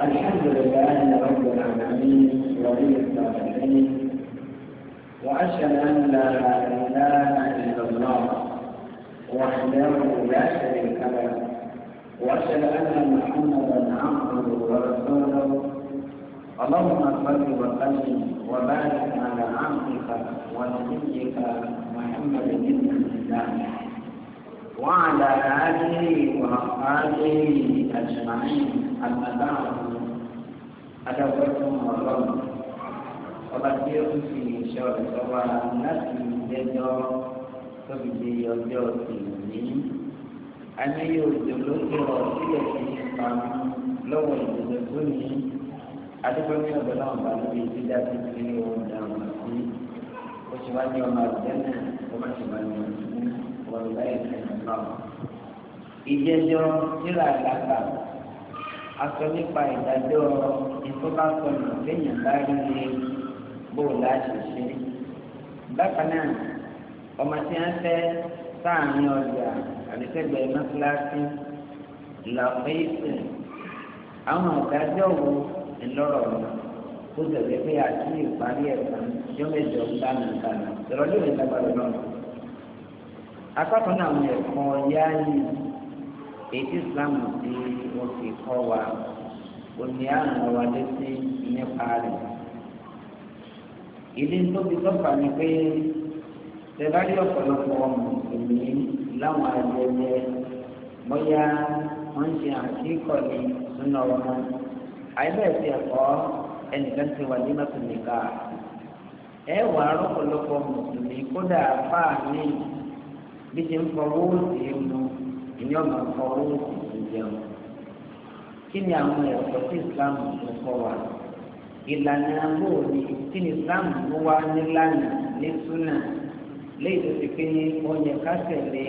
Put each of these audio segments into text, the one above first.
الحمد لله رب العالمين ولي الصالحين واشهد ان لا اله الا الله وحده لا شريك له واشهد ان محمدا عبده ورسوله اللهم صل وسلم وبارك على عبدك ونبيك محمد بن الله وعلى آله وأصحابه أجمعين àtàláwọn adáwọ̀tún ọlọ́run ọba tí ó fi ìṣọ́ ìṣọ́wá láti ìdẹ́jọ́ tó fi di ọjọ́ ìrìn ní. àmì yóò dòdò tó ọ sílẹ̀ sí ìpamọ́ lọ́wọ́ ìdòdò tó ní adúgbò ní ọ̀dọ́ náà bá lórí dídá tó ti ní ohun dàrú sí oṣù wájú aṣọ nípa ìdájọ́ ìfọ́básọ̀nù lẹ́yìn báyìí ní bóòlù àṣìṣe. bákan náà ọmọ tí wọ́n fẹ́ sáàrin ọjà àdìsẹ́gbẹ̀ẹ́ mọ́sálásí làfẹ́ẹ̀sì àwọn ìdájọ́ wo ńlọrọ̀ wọn ó tẹ̀lé pé àti ìparí ẹ̀sán yóò mẹ́jọ gbàmì gbàmì ìrọ̀lẹ́ òní lágbàdo náà. akọ́kọ́ náà àwọn ẹ̀kọ́ yááyì èyí islam tí wọ́n fi kọ́ wa òní àrùn wa létí nípa rẹ̀. ìdí tó fi tọ́pa ni pé tẹ̀láyé ọ̀pọ̀lọpọ̀ mùsùlùmí láwọn ayẹyẹ bóyá wọ́n ń ṣe àkíkọ̀ ní súnà ọmọ àìbẹ̀ẹ̀sì ẹ̀kọ́ ẹnìkan ti wà ní mẹ́tòlẹ́kà ẹ wà ọ̀pọ̀lọpọ̀ mùsùlùmí kódà fáà ní bí ṣe ń fọwọ́ sí i mú ìní ọmọ ọkọ owó tuntun jẹun kí ni àwọn ẹ̀kọ́ tí islam ń kọ́ wa ìlànà àbúrò ni kí ni islam ń wá nílànà ní súnà léyìí tó ti pé ní oúnjẹ kásẹ̀ lé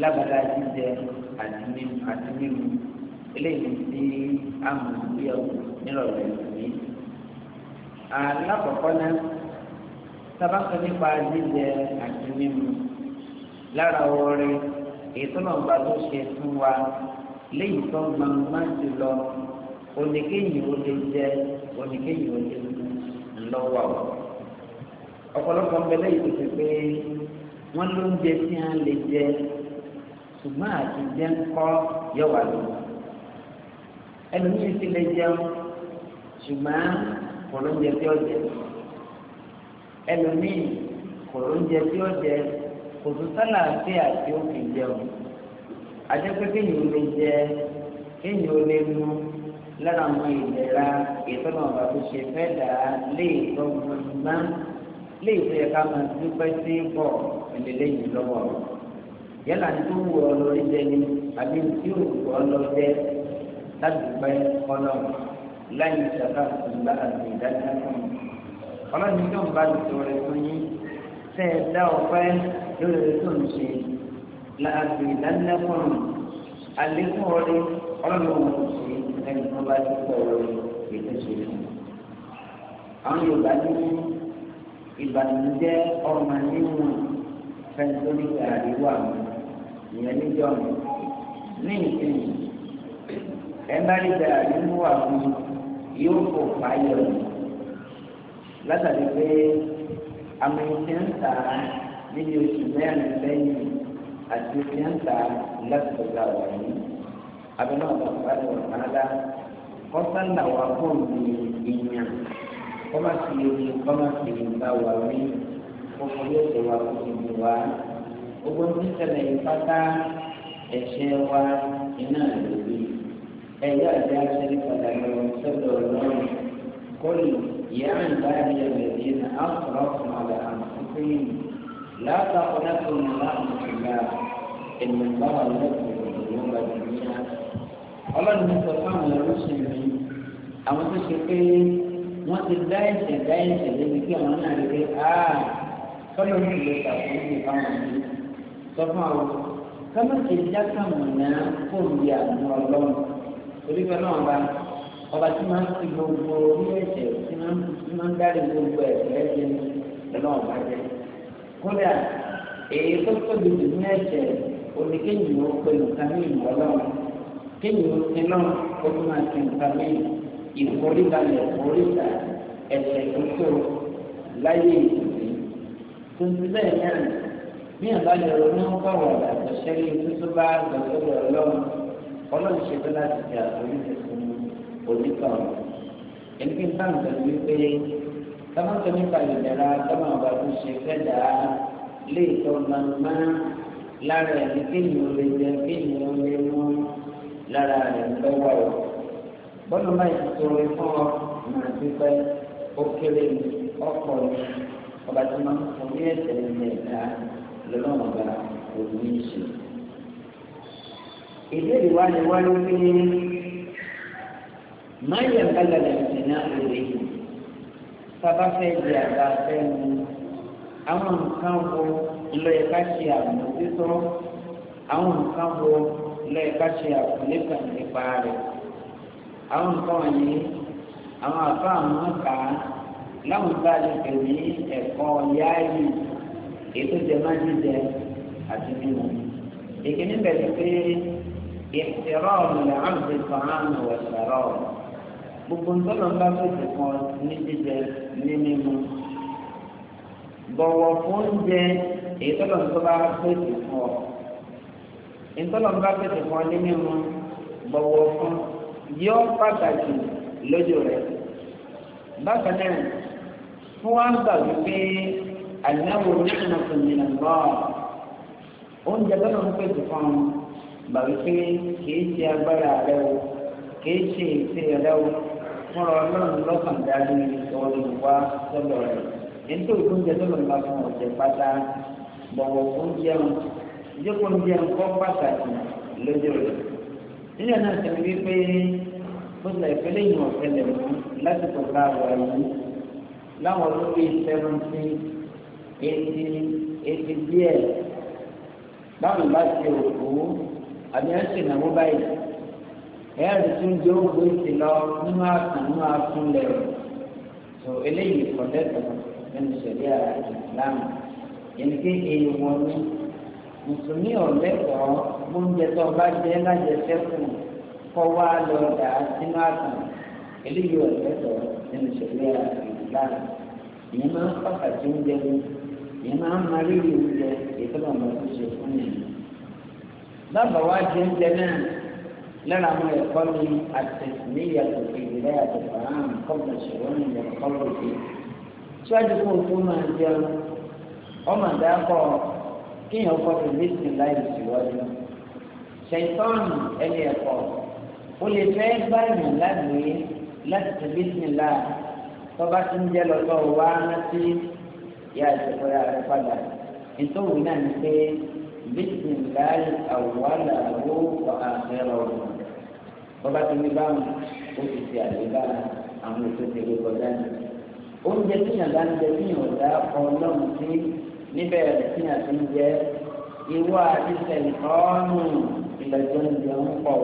lábàlá jíjẹ àti mímu eléyìí tí a mọ̀ bí ọ nírọ̀lẹ́ yìí. alákọ̀ọ́kọ́ náà sábà sọ nípa jíjẹ àti mímu lára oore ìtọ́lọ̀gbà tó ṣe fún wa léyìí tó gbangba ti lọ oníkéyìí ó lè jẹ oníkéyìí ó lè lọ́wọ́ ọ̀pọ̀lọpọ̀ ń bẹ léyìí tó ṣe pé wọ́n ló ń jẹ tí a lè jẹ ṣùgbọ́n àti jẹ́ ń kọ́ yọ̀wà lọ. ẹlòmíì sì lè jẹun ṣùgbọ́n kò ló ń jẹ tí ó jẹ ẹlòmíì kò ló ń jẹ tí ó jẹ kò tún sánà sí àti òkè jẹun àjẹpẹ́ kéèyàn lè jẹ kéèyàn lè mú lára àwọn ìlera ìtọ́nà ọ̀gá tó ṣe fẹ́ dà á lé ìtọ́gbọ̀n náà lé ìtọ́yẹ ká máa dúpẹ́ sí pọ̀ ìlélẹ́yìn lọ́wọ́ yálà tó wù ọ lórí jẹ ni àbí tí ò wù ọ lọ jẹ ládùúgbẹ́ ọlọ́run láyé ìṣàkà ìgbà àti ìdájọ́ fún mi ọlọ́run yóò bá lùtọ́ rẹ̀ fún yín tẹ́ ẹ lórí rẹ̀ tó ń ṣe láàbì lánàfọ̀n àlékún ọ̀rẹ́ ọlọ́run ṣe ẹni tó bá ti pọ̀ ọ̀rẹ́ ètò ṣe fún un. àwọn Yorùbá ní ìbànújẹ́ ọmọ nínú fẹ́ntóní àríwá mi ìyẹn níjọ́ mi ní ìsinyìí ẹ bá rí bẹ̀rẹ̀ nínú àwọn yóò kó fàáyọ̀ mi àmì ìṣẹ́ ń tà níbi oṣù mẹ́rin lẹ́yìn àti oṣù yẹnta lásìkò tá a wà yìí abẹ́lẹ́ ọ̀gá ìpàdé wà kánádá kọ́sánà wà fún mi ìyàn kọ́má sí omi kọ́má sí ìgbà wà mí fúnfún yóò ṣe wà fún mi wá gbogbo ní ṣẹlẹ̀ ìpátá ẹ̀ṣẹ̀ wa iná lórí ẹ̀yà àti aṣẹ́ni pàtàkì ọ̀sẹ̀dọ̀ lọ́rùn kọ́lù yẹ́n àǹbá ni ẹ̀mẹ̀dínà á sọ̀rọ̀ fún àlẹ́ àǹfọ̀fẹ́ yìí. لا تقنطوا من رحمة الله إن الله يغفر الذنوب جميعا ọlọ́run ní sọ fún àwọn ẹlẹ́sìn mi àwọn tó ṣe pé wọ́n ti dá ẹ̀ṣẹ̀ dá ẹ̀ṣẹ̀ lẹ́nu kí àwọn náà rí pé áà sọ́dọ̀ ní ìlú ìtàkùn ìfáwọn mi sọ fún àwọn kọ́mọ̀ ti dákà mọ̀nà fóònù àwọn ọlọ́run torí pé náà bá ọba tí máa ń fi gbogbo orí ẹ̀ṣẹ̀ tí máa ń dárí gbogbo ẹ̀ṣẹ̀ ẹ̀ṣẹ̀ lọ́wọ́ bá jẹ́ kódà èyí tó tóbi jù ní ẹ̀jẹ̀ òní kéyìn ó pe nǹkan ní ìmọ̀lọ́ kéyìn ó ti náà ó tún máa ti nǹkan ní ìforíbalẹ̀ oríta ẹ̀sẹ̀ tótó láyé ìtòsí tuntun bẹ́ẹ̀ náà ní àbájọ ní wọn bá wà àtọ̀ṣẹ́ ní tuntun bá gbàgbọ́dọ̀ ọlọ́run ọlọ́run ṣètò láti fi àforíjì fún onítọ̀ọ̀ ẹni pé báńkì wípé kámá tó nípa ìdára kámá ọba tó ṣe fẹ́ dà á lè tọ́ gbangba lára ẹni kéèyàn lè jẹ kéèyàn lè mú lára rẹ̀ lọ́wọ́ o. bọ́lá máa ti sọ̀rọ̀ fún ọ máa ti pẹ́ ó kéré ní ọkọ̀ ní ọba tó máa ń fún ní ẹ̀sẹ̀ ní ẹ̀ka lọ́nà ọba òní ìṣe. ìbéèrè wa ni wá ló pé máyà ń bá gbàgbà ìṣẹ̀lẹ̀ àlè yìí sábà fẹ́ di àgbà fẹ́nu àwọn nǹkan wo lọ́yẹ̀ ká ṣe àmójútó àwọn nǹkan wo lọ́yẹ̀ ká ṣe àfọlẹ́kàn nípa rẹ̀ àwọn nǹkan wọ̀nyí àwọn àbá àwọn kà á láwọn bá lè pè ní ẹ̀kọ́ yáàyè ètò jẹmájíjẹ àti mímu ìkíní bẹ̀rẹ̀ pé ìṣẹ̀rọ̀ ọ̀nà àbùkù kan àwọn ọ̀ṣẹ̀rọ̀ ọ̀nà gbogbo ńtọ́nà bá pèsè kan ní jíjẹ ní mímu bọ̀wọ̀ fún oúnjẹ èyí tọ́lọ̀ ń tó bá pèsè fún ọ ìtọ́lọ̀ ń bá pèsè fún ọ ní mímu bọ̀wọ̀ fún yọ pàtàkì lójú rẹ̀ bákan náà fún wa ń gbà wípé àdínáwó oníṣẹ́ tó ní oúnjẹ tọ́lọ̀ ń pèsè fún gbà wípé kìí ṣe agbára rẹ o kìí ṣe ìṣe rẹ o fúnra ọlọ́run lọ́kàn dájú ọ̀rọ̀ wa sọ́dọ̀ rẹ̀ ètò ìkóúnjẹ tó lọ́nà fún ọ̀jẹ̀ pátá bọ̀wọ̀ fún jẹun ìjókòó ń jẹun kọ́ pàtàkì lójú rẹ̀ nílẹ̀ náà sọ wípé bó tilẹ̀ ìpínlẹ̀ ìmọ̀ ọ̀fẹ́lẹ̀ mú lásìkò ká wà yìí láwọn olóyè seventy eighty eighty díẹ̀ báwo bá ti òkú àbí ẹ̀ ń ṣèlú báyìí ẹ̀rí tí ń jó gbé ti lọ nínú àtún nínú àtún lẹ́rù tó eléyìí kọ̀dẹ́tọ̀ nínú ṣẹ̀lẹ̀ ìsìlámù yẹn ké èèwọ̀ ni mùsùlùmí ọ̀lẹ́kọ̀ọ́ gbóúnjẹ tó bá jẹ́ lájẹsẹ́kù kọ́ wá lọ dà sínú àtún eléyìí ọ̀lẹ́kọ̀ọ́ nínú ṣẹ̀lẹ̀ ìsìlámù yẹn máa ń pàtàkì oúnjẹ mi yẹn máa ń marí oúnjẹ ìtọ́nà ọmọ ṣe fún mi. لنا ما يقتضي التسمية في بداية الطعام قبل الشرون والقول فيه síwájú fún òkú máa jẹun ọmọ àdáàkọ kíyàn fọdù nísìnyí láì síwájú ṣèǹtọ́nù ẹni ẹ̀kọ́ ó lè fẹ́ báyìí lágbèé láti ti nísìnyí láà tọ́ba ti ń jẹ́ lọ́tọ́ wá rántí yá ìṣẹ̀kọ́ yá rẹ padà nítorí náà ni pé nísìnyí láì àwòrán làwọ̀ àfẹ́rọ̀ ọ̀hún bàbá tó ní bá wọn ó ti ṣe àgbéga àwọn ètò ìṣèlú kọjá ni. oúnjẹ tí yàn bá ń jẹ tí yàn dá ọlọ́run sí níbẹ̀ rẹ̀ tí yàn ti ń jẹ ìwọ àti sẹ̀ǹtọ́ọ̀nù ìlẹ̀jọ́ ìjọ ń pọ̀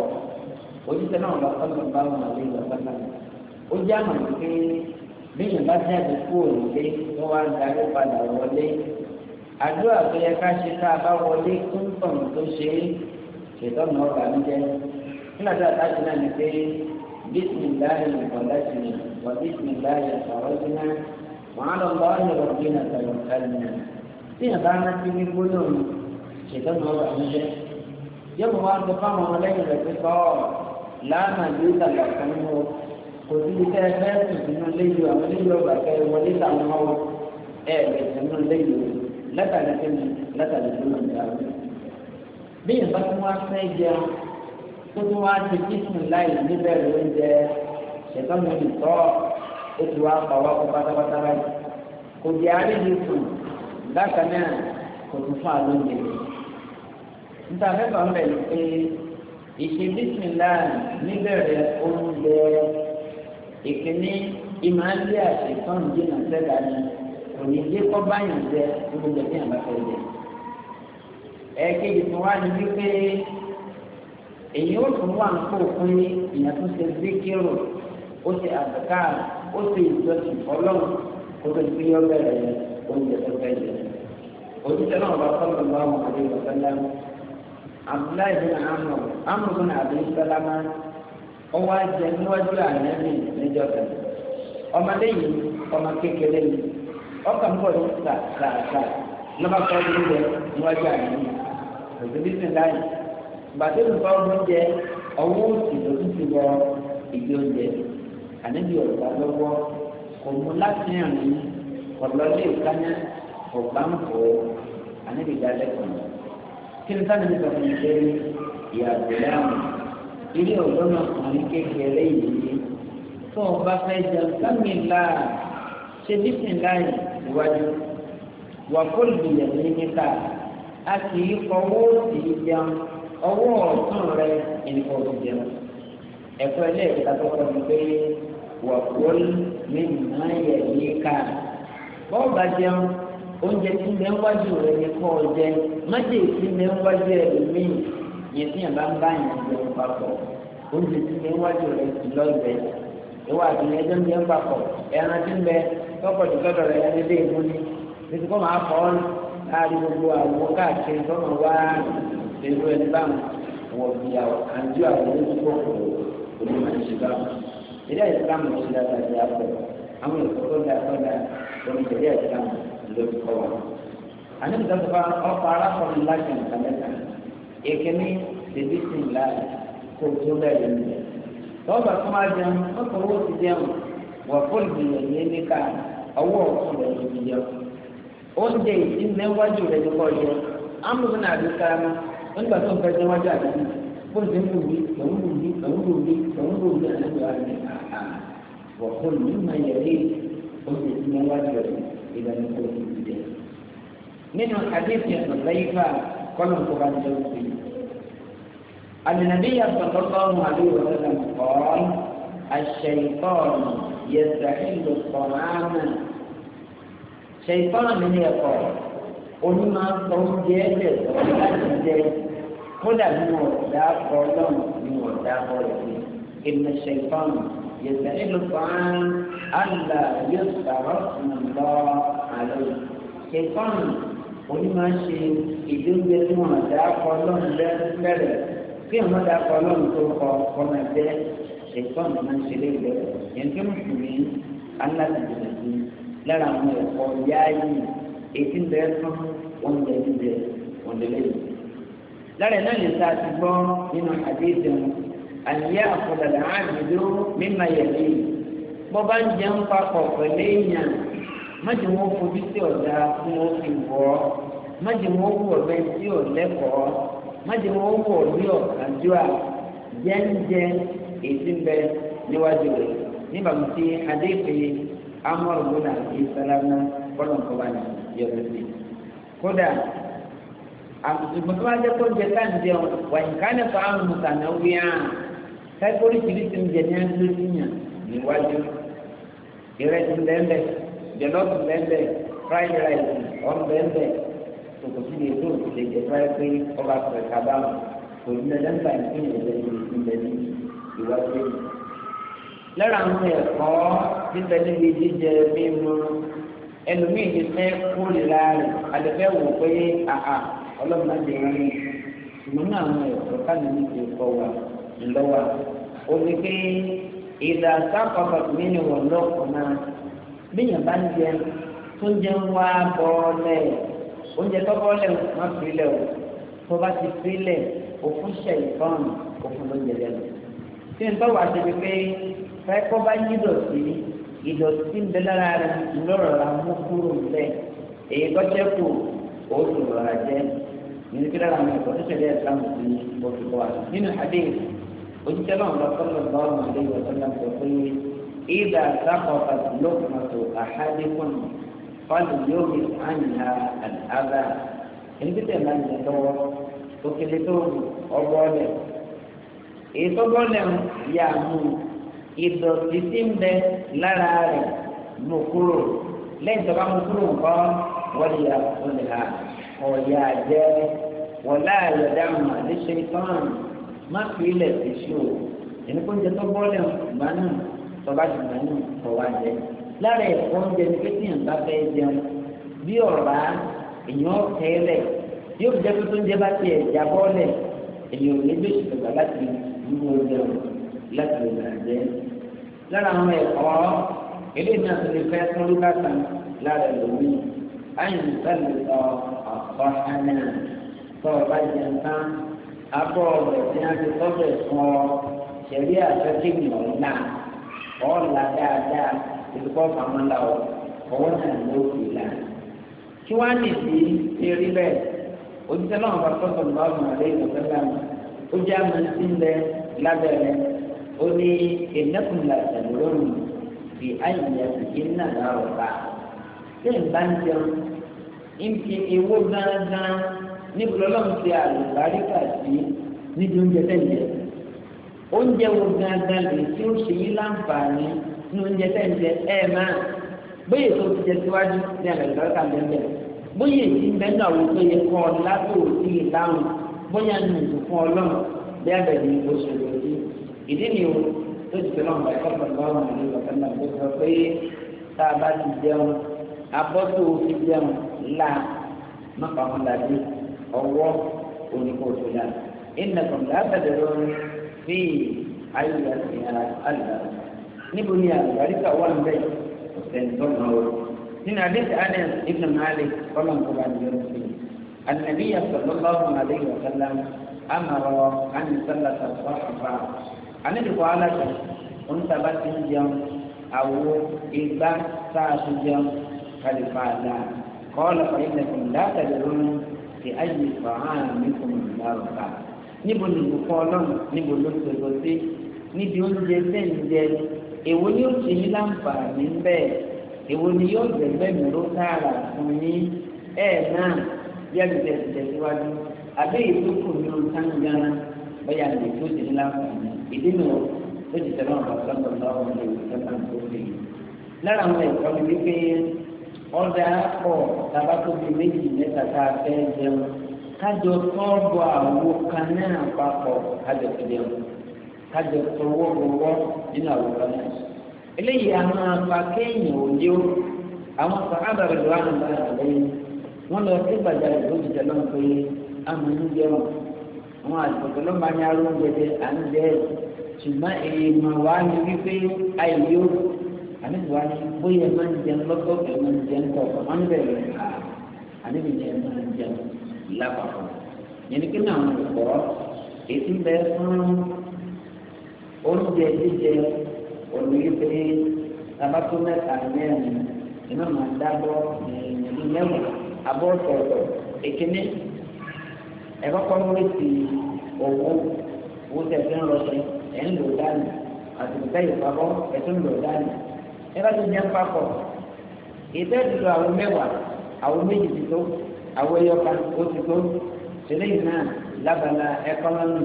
ojúṣe náà bá fọ́nà bá wọn àlẹ́ ìgbà fọ́nà ó jẹ́ àmọ̀ pé bí yàn bá jáde kúrò nílé wọ́n wá ń darí padà wọlé àdúrà tó yẹ ká ṣe tá a bá wọlé tó tó ṣe é ṣètọ́nà ọ̀gá ń jẹ́ هنا تأتينا نتين بسم الله وبسم وبسم الله خرجنا وعلى الله ربنا توكلنا فيها بعنا في من قدم شيطان هو أحمد يبقى أن تقام عليك الاتصال لا من يوتا لأحكمه قدل تأفاته من الليل ومن الليل وليس عن هو أعلم من الليل لا تعلم لا تعلم من الليل بين بس ما أحسن tó tún wá ti bísí láì níbẹ̀rẹ̀ oúnjẹ ṣẹ̀tàn mi nìtọ́ ó ti wá pa wá kó pátápátá báyìí kò jẹ́ àríyìn fún bákan náà kò tún fún àlóyè níta mẹ́fà ń bẹ̀rẹ̀ pé ìṣe bísí láì níbẹ̀rẹ̀ oúnjẹ ìkíní ìmọ̀lẹ́ àṣetán jìnnà sẹ́dá ni òní dé kọ́ báyìí jẹ oúnjẹ tí àbá jẹ ẹ̀ẹ́kejì fún wa ni wípé. èyí ó tún wà onye fún ní ìyẹn zikiru ó ṣe àbùkár ó ṣe ìjọsìn ọlọ́run kó tó gbé yọ bẹ̀rẹ̀ oúnjẹ tó fẹ́ jẹ. òjijì náà bá sọ̀rọ̀ lọ́wọ́ àwọn àdé ìwọ̀sẹ́lá abdullahi bin amu amu bin salama ó wá jẹ níwájú kan ọmọdé yìí ọmọ kékeré ọkàn bọ̀ ní lọ́ba kọ́ níwájú gbàtẹ́ olùkọ́ oúnjẹ ọwọ́ òsì ló tún ti wọ ìgbé oúnjẹ ànábì ọ̀gá lọ́wọ́ kò mú láti rìn ọ̀lọ́lé ìkányá ọ̀gbá ń fò ó ànábì dálẹ́ kí ni sáà ní sọ fún mi pé ìyàgbé láàmú ilé ọ̀dọ́ náà kàn ní kékeré yìí tó o bá fẹ́ jẹun sámi ńlá ṣe bísí ńlá yìí níwájú wà fóònù ìyàgbé níta a kì í fọwọ́ sí jẹun. ọwọ́ ọ̀tún rẹ ẹnìkan ò ti jẹun ẹ̀kọ́ ẹlẹ́ẹ̀kẹta tó kọ́ ni pé wà ní ìmáyà yìí ká bọ́ọ̀ jẹun oúnjẹ tí mẹ́ wájú rẹ kọ́ ọ jẹ tí mẹ́ wájú yẹn tí yẹn bá ń bá yẹn papọ̀ oúnjẹ tí mẹ́ wájú rẹ ìwà ẹjọ́ ń papọ̀ ẹran tí ń bẹ rẹ ìmúni títí kọ́ máa fọ́ láàrin gbogbo àwọn káàkiri tó máa wá irú ẹni báwọn wọ̀ bí àwọn àjọ àwọn olóńgbò kòkòrò onímọ̀ ìṣe báwọn. ilé ìsìlámù ti dára àpò àwọn ìkókó dáadáa oníṣẹ̀lẹ̀ ìsìlámù lórí kọ́ wa. àníbi ọkọ̀ arákùnrin láti nǹkan ìkíní tètè sí ńlá kó tó bẹ̀rẹ̀ ní. tọ́ba tó máa jẹun ọkọ̀ owó ti jẹun wọ̀ fóònù ìyẹn ní ká ọwọ́ ọ̀tún rẹ̀ ló ti jẹun. ìdí wọ́n nígbà tó ń fẹ́ jẹ́ wájú àdúgbò bó ṣe ń lò wí tòun lò wí tòun lò wí tòun lò wí àdúgbò àdúgbò àhà wọ̀kọ́ ní ma yẹ̀lé oṣù tí wọ́n wájú rẹ̀ ìlànà tó ti di dẹ̀. nínú àdéhùn ẹ̀sán lẹ́yìn fà kọ́lọ̀ bá ti lọ́wọ́ sí yàtọ̀ lọ́kọ́rùn-ún àdúgbò rẹ̀ kọ́ọ́n àṣẹ̀yìntọ́ọ̀nù yẹ̀sàkìlù kọ̀ọ̀mánà ṣẹ̀yìntọ́ọ̀nù ní kódà ní wọn dá kọ́ lọ́nà ní wọn dá kọ́ rẹ̀ sí ìmọ̀ ṣẹ̀fọ́n yẹ̀sẹ̀ nílùú fàán àlà yóò sàrọ̀ ńlọ àlọ́ ṣẹ̀fọ́n onímọ̀ ṣe ìdíje tí wọn dá kọ́ lọ́nà lẹ́rẹ̀ kí wọn dá kọ́ lọ́nà tó kọ́ kọ́ máa jẹ́ ṣẹ̀fọ́n máa ṣe léèrè yẹn tó fún mi alátìjìnà lára àwọn ẹ̀kọ́ yááyì ètí bẹ́ẹ̀ fún oúnjẹ jíjẹ òǹdẹ̀lẹ́yìn lára náà lè sáà ti gbọ́ nínú àdéhùn àyè àfọlọ́lá àgbèdo mímọ yẹ̀lẹ́ yìí bọ́ bá ń jẹun papọ̀ pẹ̀lú èèyàn májè wọn fojú sí ọ̀dà fún wọn fi wọ̀ ọ́ májè wọn wù ọ̀bẹ sí ọ̀lẹ́kọ̀ọ́ májè wọn wù ọ̀bí ọ̀kàdúrà jẹ́ńjẹ́ èsì ń bẹ níwájú rẹ̀ níbàámu sí adéfèé amọ̀rùn-ún àti sálámà kọ́lọ̀ǹkọ́ba ní yọ̀bẹ̀sì ìgbọ̀n bá jẹ́ kó jẹ táà ń jẹun wà ìkànnì tó àwọn mùsànà wí hàn káìkórì tìrì ti ń jẹ ní ẹgbẹ́ síyàn níwájú ìrẹsì lẹ́lẹ̀ jẹlọ́ọ̀tì lẹ́lẹ̀ fried rice ọ̀nbẹ̀ẹ̀bẹ̀ kòkò sí lè tó lè jẹ fáyé pé ọba pẹ̀lú kábàámù kò ní ẹlẹ́mbà ìpín ìrẹsì ìpínlẹ̀ ní ìwájú lọ́ra àwọn ẹ̀kọ́ bíbẹ̀ níbi jíjẹ mímu ẹlòmíì ti fẹ́ kórìíra ọlọ́run láti rán ní ṣùgbọ́n àwọn ẹ̀kọ́ káàdì ní ti kọ́ wa ńlọ́wà ó ní pé ìdá sápapọ̀ nínú wọn lọ́kọ̀ náà bíyàn bá ń jẹ tó ń jẹ ń wá bọ́ọ̀lẹ̀ oúnjẹ tó bọ́ọ̀lẹ̀ má filẹ̀ o tó bá ti filẹ̀ òfun ṣe ìfọ́n òfun ló ń jẹ lẹ́nu. tí n tọ́wọ́ àti ibi pé fẹ́kọ́ bá yí dọ̀tí ìdọ̀tí ń bẹ lára rẹ̀ ńlọ́rọ̀ la mú kúrò ńlẹ̀ èyí tó jẹ́ kù ó sì rọra jẹ́ nínú kí lára àwọn ẹ̀kọ́ tó ṣẹlẹ̀ ìsìlámù sí oṣù kọ́ àti nínú hadith òjíṣẹ́ náà lọ sọ́lọ̀ bá ọmọ àdéhùn ọ̀sán náà sọ pé ìdá sáfọ̀fà lókùnmọ̀tò àhádékùn fọ́lù yóò fi àyìnà àdáàbà ẹni tí ń bẹ lára rẹ̀ mú lẹ́yìn tó bá mú kúrò nǹkan wọ́n lè yà fún mi láàrin ọ̀yà jẹ́ wọ̀lá àyọ̀dá mà lè ṣe tán má fi ilẹ̀ ti ṣe o èmi kò ń jẹ tó bọ́ọ̀lù ìgbà náà tọ́ba ti gbà náà kọ̀ wá jẹ lára ẹ̀kọ́ oúnjẹ ni pé tíyàn bá fẹ́ jẹun bí ọ̀rá èèyàn kẹ́lẹ̀ yóò jẹ́ pé tó ń jẹ bá tiẹ̀ já bọ́ọ̀lẹ̀ èèyàn ò ní bí oṣù tọ̀gbà láti irú oúnjẹ o láti lè gbà jẹ lára àwọn ẹ̀kọ́ eléyìí náà tó lè fẹ́ fún lókàtà lára ẹ̀lòmíì àyìn sálẹ̀ ọ̀ àfọ̀hánà tó o bá jẹun tán abọ́ ọ̀rẹ́ tí wọ́n ti tọ́jú fún ọ ṣẹ̀rí àfẹ́kìnì ọ̀la ọ̀la dáadáa ìdúpọ̀ pamọ́lá ọ ọwọ́ náà ló fi là. kí wọ́n á lè fi ṣe rí bẹ́ẹ̀ òjijì náà wọ́n tọ́jú lọ́ọ̀nù àlẹ́ ìdọ̀tẹ́lá ó jẹ́ àmọ́ sí ń lábẹ́rẹ́ ó ní ìnákùnlá ìtàlóròrùn fi àyè ìyàtọ̀ kí ń nà níbi èwo gángan níbi lọ́lọ́run ti àlùbáríkà sí níbi oúnjẹ tẹ̀lé oúnjẹ wo gángan lè tí ó ṣe yín láǹfààní ní oúnjẹ tẹ̀lé ẹ̀ máa bóyè tó ti jẹ síwájú ní àlùbáríkà lẹ́lẹ̀ bóyè tí mẹ́nu àwọn tó yẹ kọ́ látòótì láwọn bóyá ní ìdùnkún ọlọ́run bí abẹ́rẹ́ ni mo ṣe ìdí ni o tó ti tẹ̀lé ọ̀nà ẹ̀kọ́ abọ́tò fífẹ́m la mọ́kànlélàdé ọwọ́ oníkóòtò la ìnàkùn lábẹ́dẹ̀ lọ́rùn fi ayélujára sí àlùbá níbo ni àlùbáríkà wà ń bẹ̀ ọ̀sẹ̀ntọ́nà ọ̀rọ̀ nínú àdéhùn Anas ibn Malik kọ́lọ́nkọ́lá ni yọ̀rọ̀ sí النبي صلى الله عليه وسلم أمر أن يسلط الصحف عن القوالة أنت بس يوم أو إذا ساعة يوم kálí fàdà kọ́ọ̀lù fàyínàkùn látàrí ronú ti ayé fàáhàn nìkan lárúbá níbo ni ìbùkún ọlọ́run níbo ló ti lọ sí níbi oúnjẹ sẹ́ǹjẹ èwo ni ó ti yín láǹfààní bẹ́ẹ̀ èwo ni yóò gbẹ̀gbẹ́ mi ló tààrà fún yín ẹ̀ náà bí àgbẹ̀dẹ̀ ti tẹ̀síwájú àbí ìdókòwò ní o sáńgá bẹ́ẹ̀ àgbẹ̀ tó ti yín láǹfààní ọ̀dà pọ̀ tàbá tóbi méjì mẹ́ta tá a fẹ́ jẹun kájọ tọ́ọ̀bù àwo kan náà papọ̀ kájọ tó jẹun kájọ tó wọ́wọ́wọ́ nínú eléyìí òye o àwọn sàkábà rẹ̀ lọ́wọ́ àwọn ọ̀gá rẹ̀ lẹ́yìn wọ́n lọ sí gbàjà rẹ̀ lójú jẹ lọ́nà pé àmọ́ ń jẹun àwọn àtìkọ̀tọ̀ ló máa ń oúnjẹ jẹ à ń jẹ wípé àìyó Ani wá ni bóyá ẹ máa ń jẹun lọ́tọ̀ ẹ máa ń jẹun tọ̀ ọ̀pọ̀ máa ń bẹ̀rẹ̀ àníbi ni ẹ máa ń jẹun lápapọ̀ yẹn ni kí ni àwọn ìkọ́ ètí ń bẹ fún oúnjẹ jíjẹ olùyípe tabató mẹ́ta mẹ́rin iná máa dábọ́ mẹ́wàá abọ́ ọ̀tọ̀ọ̀tọ̀ èkíní ẹ̀kọ́ kọ́ ló ti owó owó tẹ̀ fi ẹ̀ ń lò dání àtìkútẹ́ ìpamọ́ ẹ̀ tó lò dání ẹ̀ka tó jẹ́ papọ̀ ìbẹ́ dùdú àwọn mẹ́wàá àwọn méjì ti tó àwọn ẹyọkan ó ti tó ṣẹlẹ̀ yìí náà lábala ẹkọ́nọ́mì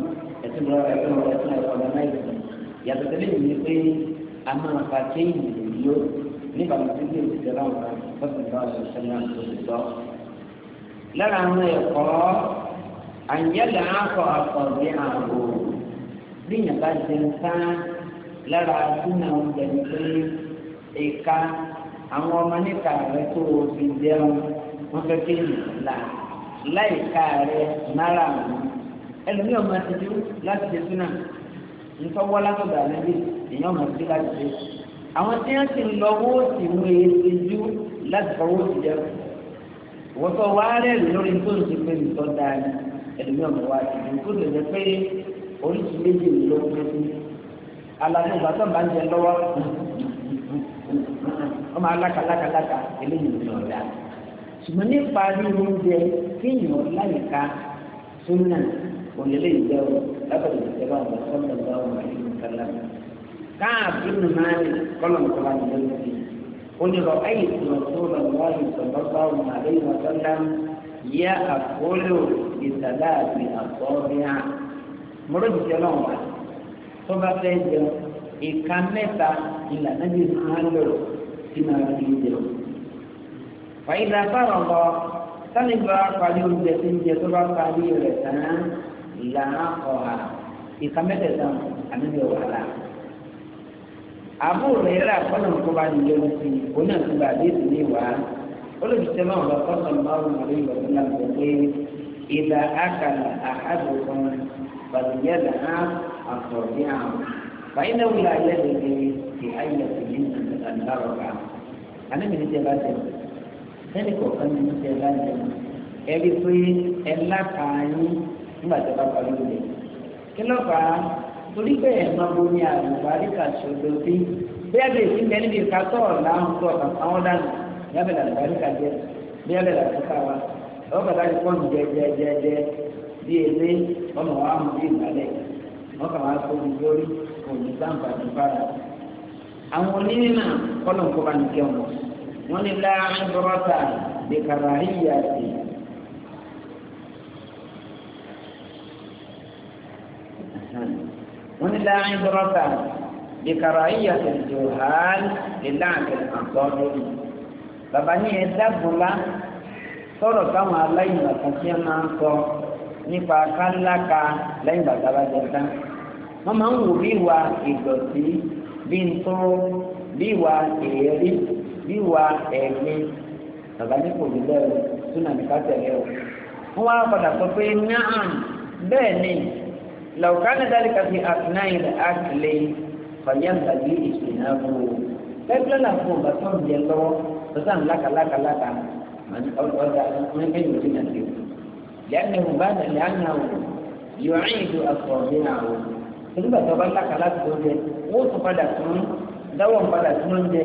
ẹ̀sìn lọ́wọ́ ẹ̀sìn lọ́wọ́ ẹ̀sìn lọ́wọ́ ẹ̀kọ́nọ́mì yàtọ̀ tẹ́lẹ̀ ni pé a máa fa kéyìn yìí nípa tí bí òṣìṣẹ́ láwọn kan fọ́sùn bá òṣìṣẹ́ náà tó ti sọ. lára àwọn ẹ̀kọ́ àyẹ̀lẹ̀ akọ bí yàtọ̀ ti ń sá lára sínú oúnjẹ pé ìka àwọn ọmọ níta rẹ tó o fi jẹun wọn fẹ́ kí ni là láìka rẹ náírà wọn ẹlòmíì ọmọ ti dúró láti ṣe súnà ntọ́wọ́ látọ̀dọ̀ àlẹ́bí èèyàn ọmọ ti láti ṣe àwọn tí wọ́n ti ń lọ owó sì mú èsì e jú láti fọwọ́ sí jẹun wọ́tọ̀ wá rẹ̀ lórí tó ń ti pé nìtọ́ dáa ni ẹlòmíì ọmọ wa ti dúró kó lè pé oríṣi méjì ló ń pẹ́ sí alágbèbá tó bá ń jẹ lọ́wọ́ ọmọ alákàlákàlákà eléyìí ní ọ̀dà ṣùgbọ́n nípa ríro oúnjẹ kéèyàn láyìíká súnà òlélẹ́ ìjẹ́ o lábẹ́rẹ́ ìjọba ọ̀dọ̀ sọ́dọ̀ ọ̀dọ̀ ọ̀dọ̀ ìjọba káàbí nù máa ní kọ́lọ̀mùkọ́lá nílẹ̀ lórí onírọ̀ ayé ìtura tó lọ wáyé sọ̀dọ̀gbà ọ̀hún àdéhùn ọ̀sọ́dá yẹ àkóló ìsàlá àti àkọ́ọ́bíà mọ́rọ́ ìjọba ọ̀hún tó bá fẹ́ jẹun ìka mẹ́ta ìlànà bíi sùnmọ́lò tí máa fi ń jẹun. fàyídà sára lọ sani bá parí oúnjẹ tí ń jẹ tó bá parí rẹ̀ tán ìlànà ọ̀hà ìka mẹ́tẹ̀ẹ̀ta àmì ọ̀hàlà. àbúrò rẹ̀ rà kọ́nà kó bá ní yẹn sí i òun náà ti bá a déètì ní wàá olùdíje náà lọ sọ́sọ̀ náà wọ́n mọ̀ lórí ọ̀dún náà pé ìdá àkàlà àhàdùn kan bàtìyẹ́ dàá فإنه لا يدري بأي سبيل أن نرفع أنا من الجبال sẹ́ni kọ̀ọ̀kan ní oúnjẹ bá ń jẹun ẹbí pé ẹ̀la kàáyín nígbà tí a bá parí oúnjẹ. kí ló fà á torí bẹ́ẹ̀ máa bo ní àlùbárí kàṣọ́dọ̀ sí bẹ́ẹ̀ lè fi mẹ́rin bíi kátó ọ̀la ń sọ àwọn dànù yàbẹ̀ làlùbárí kàjẹ́ bẹ́ẹ̀ lè là fúnka wa ọ̀rọ̀ bàtà ti pọ́n jẹjẹjẹjẹ bíi èlé ọmọ wa mú dia ìgbàlẹ̀ wọ́n kà wá sóbi lórí kò ní sáǹfà ní fara. àwọn oníní náà kọ́lọ̀ kó bá ní kẹ́ wọn. wọ́n ní láàrín bọ́rọ́tà lè kàrà híyà sí. wọ́n ní láàrín bọ́rọ́tà lè kàrà híyà sí jòhán lè láàrín àtọ́ lórí. bàbá ní ẹ dábùlá sọ̀rọ̀ táwọn aláìmọ̀ kan tí máa ń sọ nípa káńláka lẹ́yìn bàtà bá jẹ tán wọ́n máa ń wò bí ìwà ìdọ̀tí bí n tó bí ìwà èérí bí ìwà ẹ̀mí bàbá ní kò nílẹ̀ o túnà nípa tẹ̀lé o. wọ́n wá padà sọ pé náà bẹ́ẹ̀ ni làwùkánì dálíkà fi àfináyìn àkìlẹ̀ fàyàǹdàbí ìṣìnàbù pẹ́ẹ́pẹ́ làwọn ọba tó ń jẹ lọ́wọ́ tó sàn lákàlákàlákà ọ̀dà ọ̀nẹ́gbẹ́ yòókì náà ti o. lẹ́yìn ìhùn bá dàlẹ́ àná o yòóyìn ìdú àfọ̀ọ́dún àwọn nígbà tí wọ́n bá tàkà láti oúnjẹ wọ́n tún padà tún dáwọ̀ ń padà tún oúnjẹ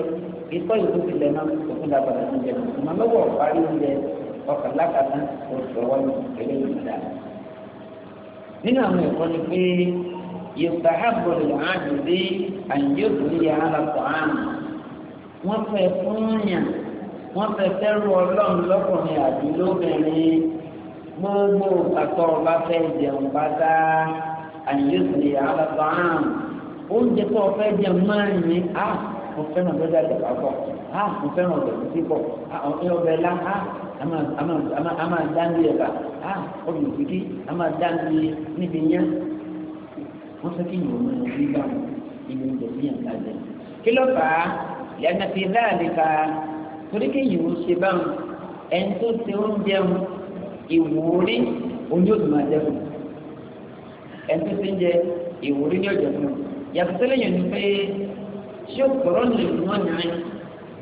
ìtọ́ ìlú ti lẹ̀ náà tó tún dá padà tún oúnjẹ ìmọ̀ lọ́wọ́ parí oúnjẹ ọkàn lákàtà oṣù ọwọ́ ní ìpele ìgbà. nínú àwọn ẹ̀kọ́ ni pé yorùbá àbọ̀lù àdùdé àyẹ̀wòrì yàrá tọ̀hán wọ́n fẹ́ fún yàn wọ́n fẹ́ fẹ́rù ọlọ́run lọ́kùnrin àdúlóbìnrin gbogbo àtọ̀ ọba fẹ́ jẹun bá dáa àyẹ̀sì àlàbàám oúnjẹ tó o fẹ́ jẹ máa ń yẹn á mo fẹ́ràn bẹ́ẹ̀ àgbàlá pọ̀ á mo fẹ́ràn ọ̀dọ̀ títí pọ̀ á ọ̀fẹ́ ọbẹ̀ lá á a máa dáńdé ẹ̀bà á ọbẹ̀ òkìkí a máa dáńdé níbi yẹn wọ́n fẹ́ kí ni òun náà rí bá wọn nínú oúnjẹ tí yẹn ká jẹ. kí ló fà á lẹ́nu ti dáàlì fà á torí kí yìí ṣe bá wọn ẹni tó ti oúnjẹ wọn ìwúrí oúnjẹ òdùnmọ̀ àjẹkùn ẹtú sí jẹ ìwúrí ní ọjọ́ fún un yàtọ̀ sílẹ̀ yẹn ni pé ṣé òkúrọ̀ lè mú ọ̀nìyàn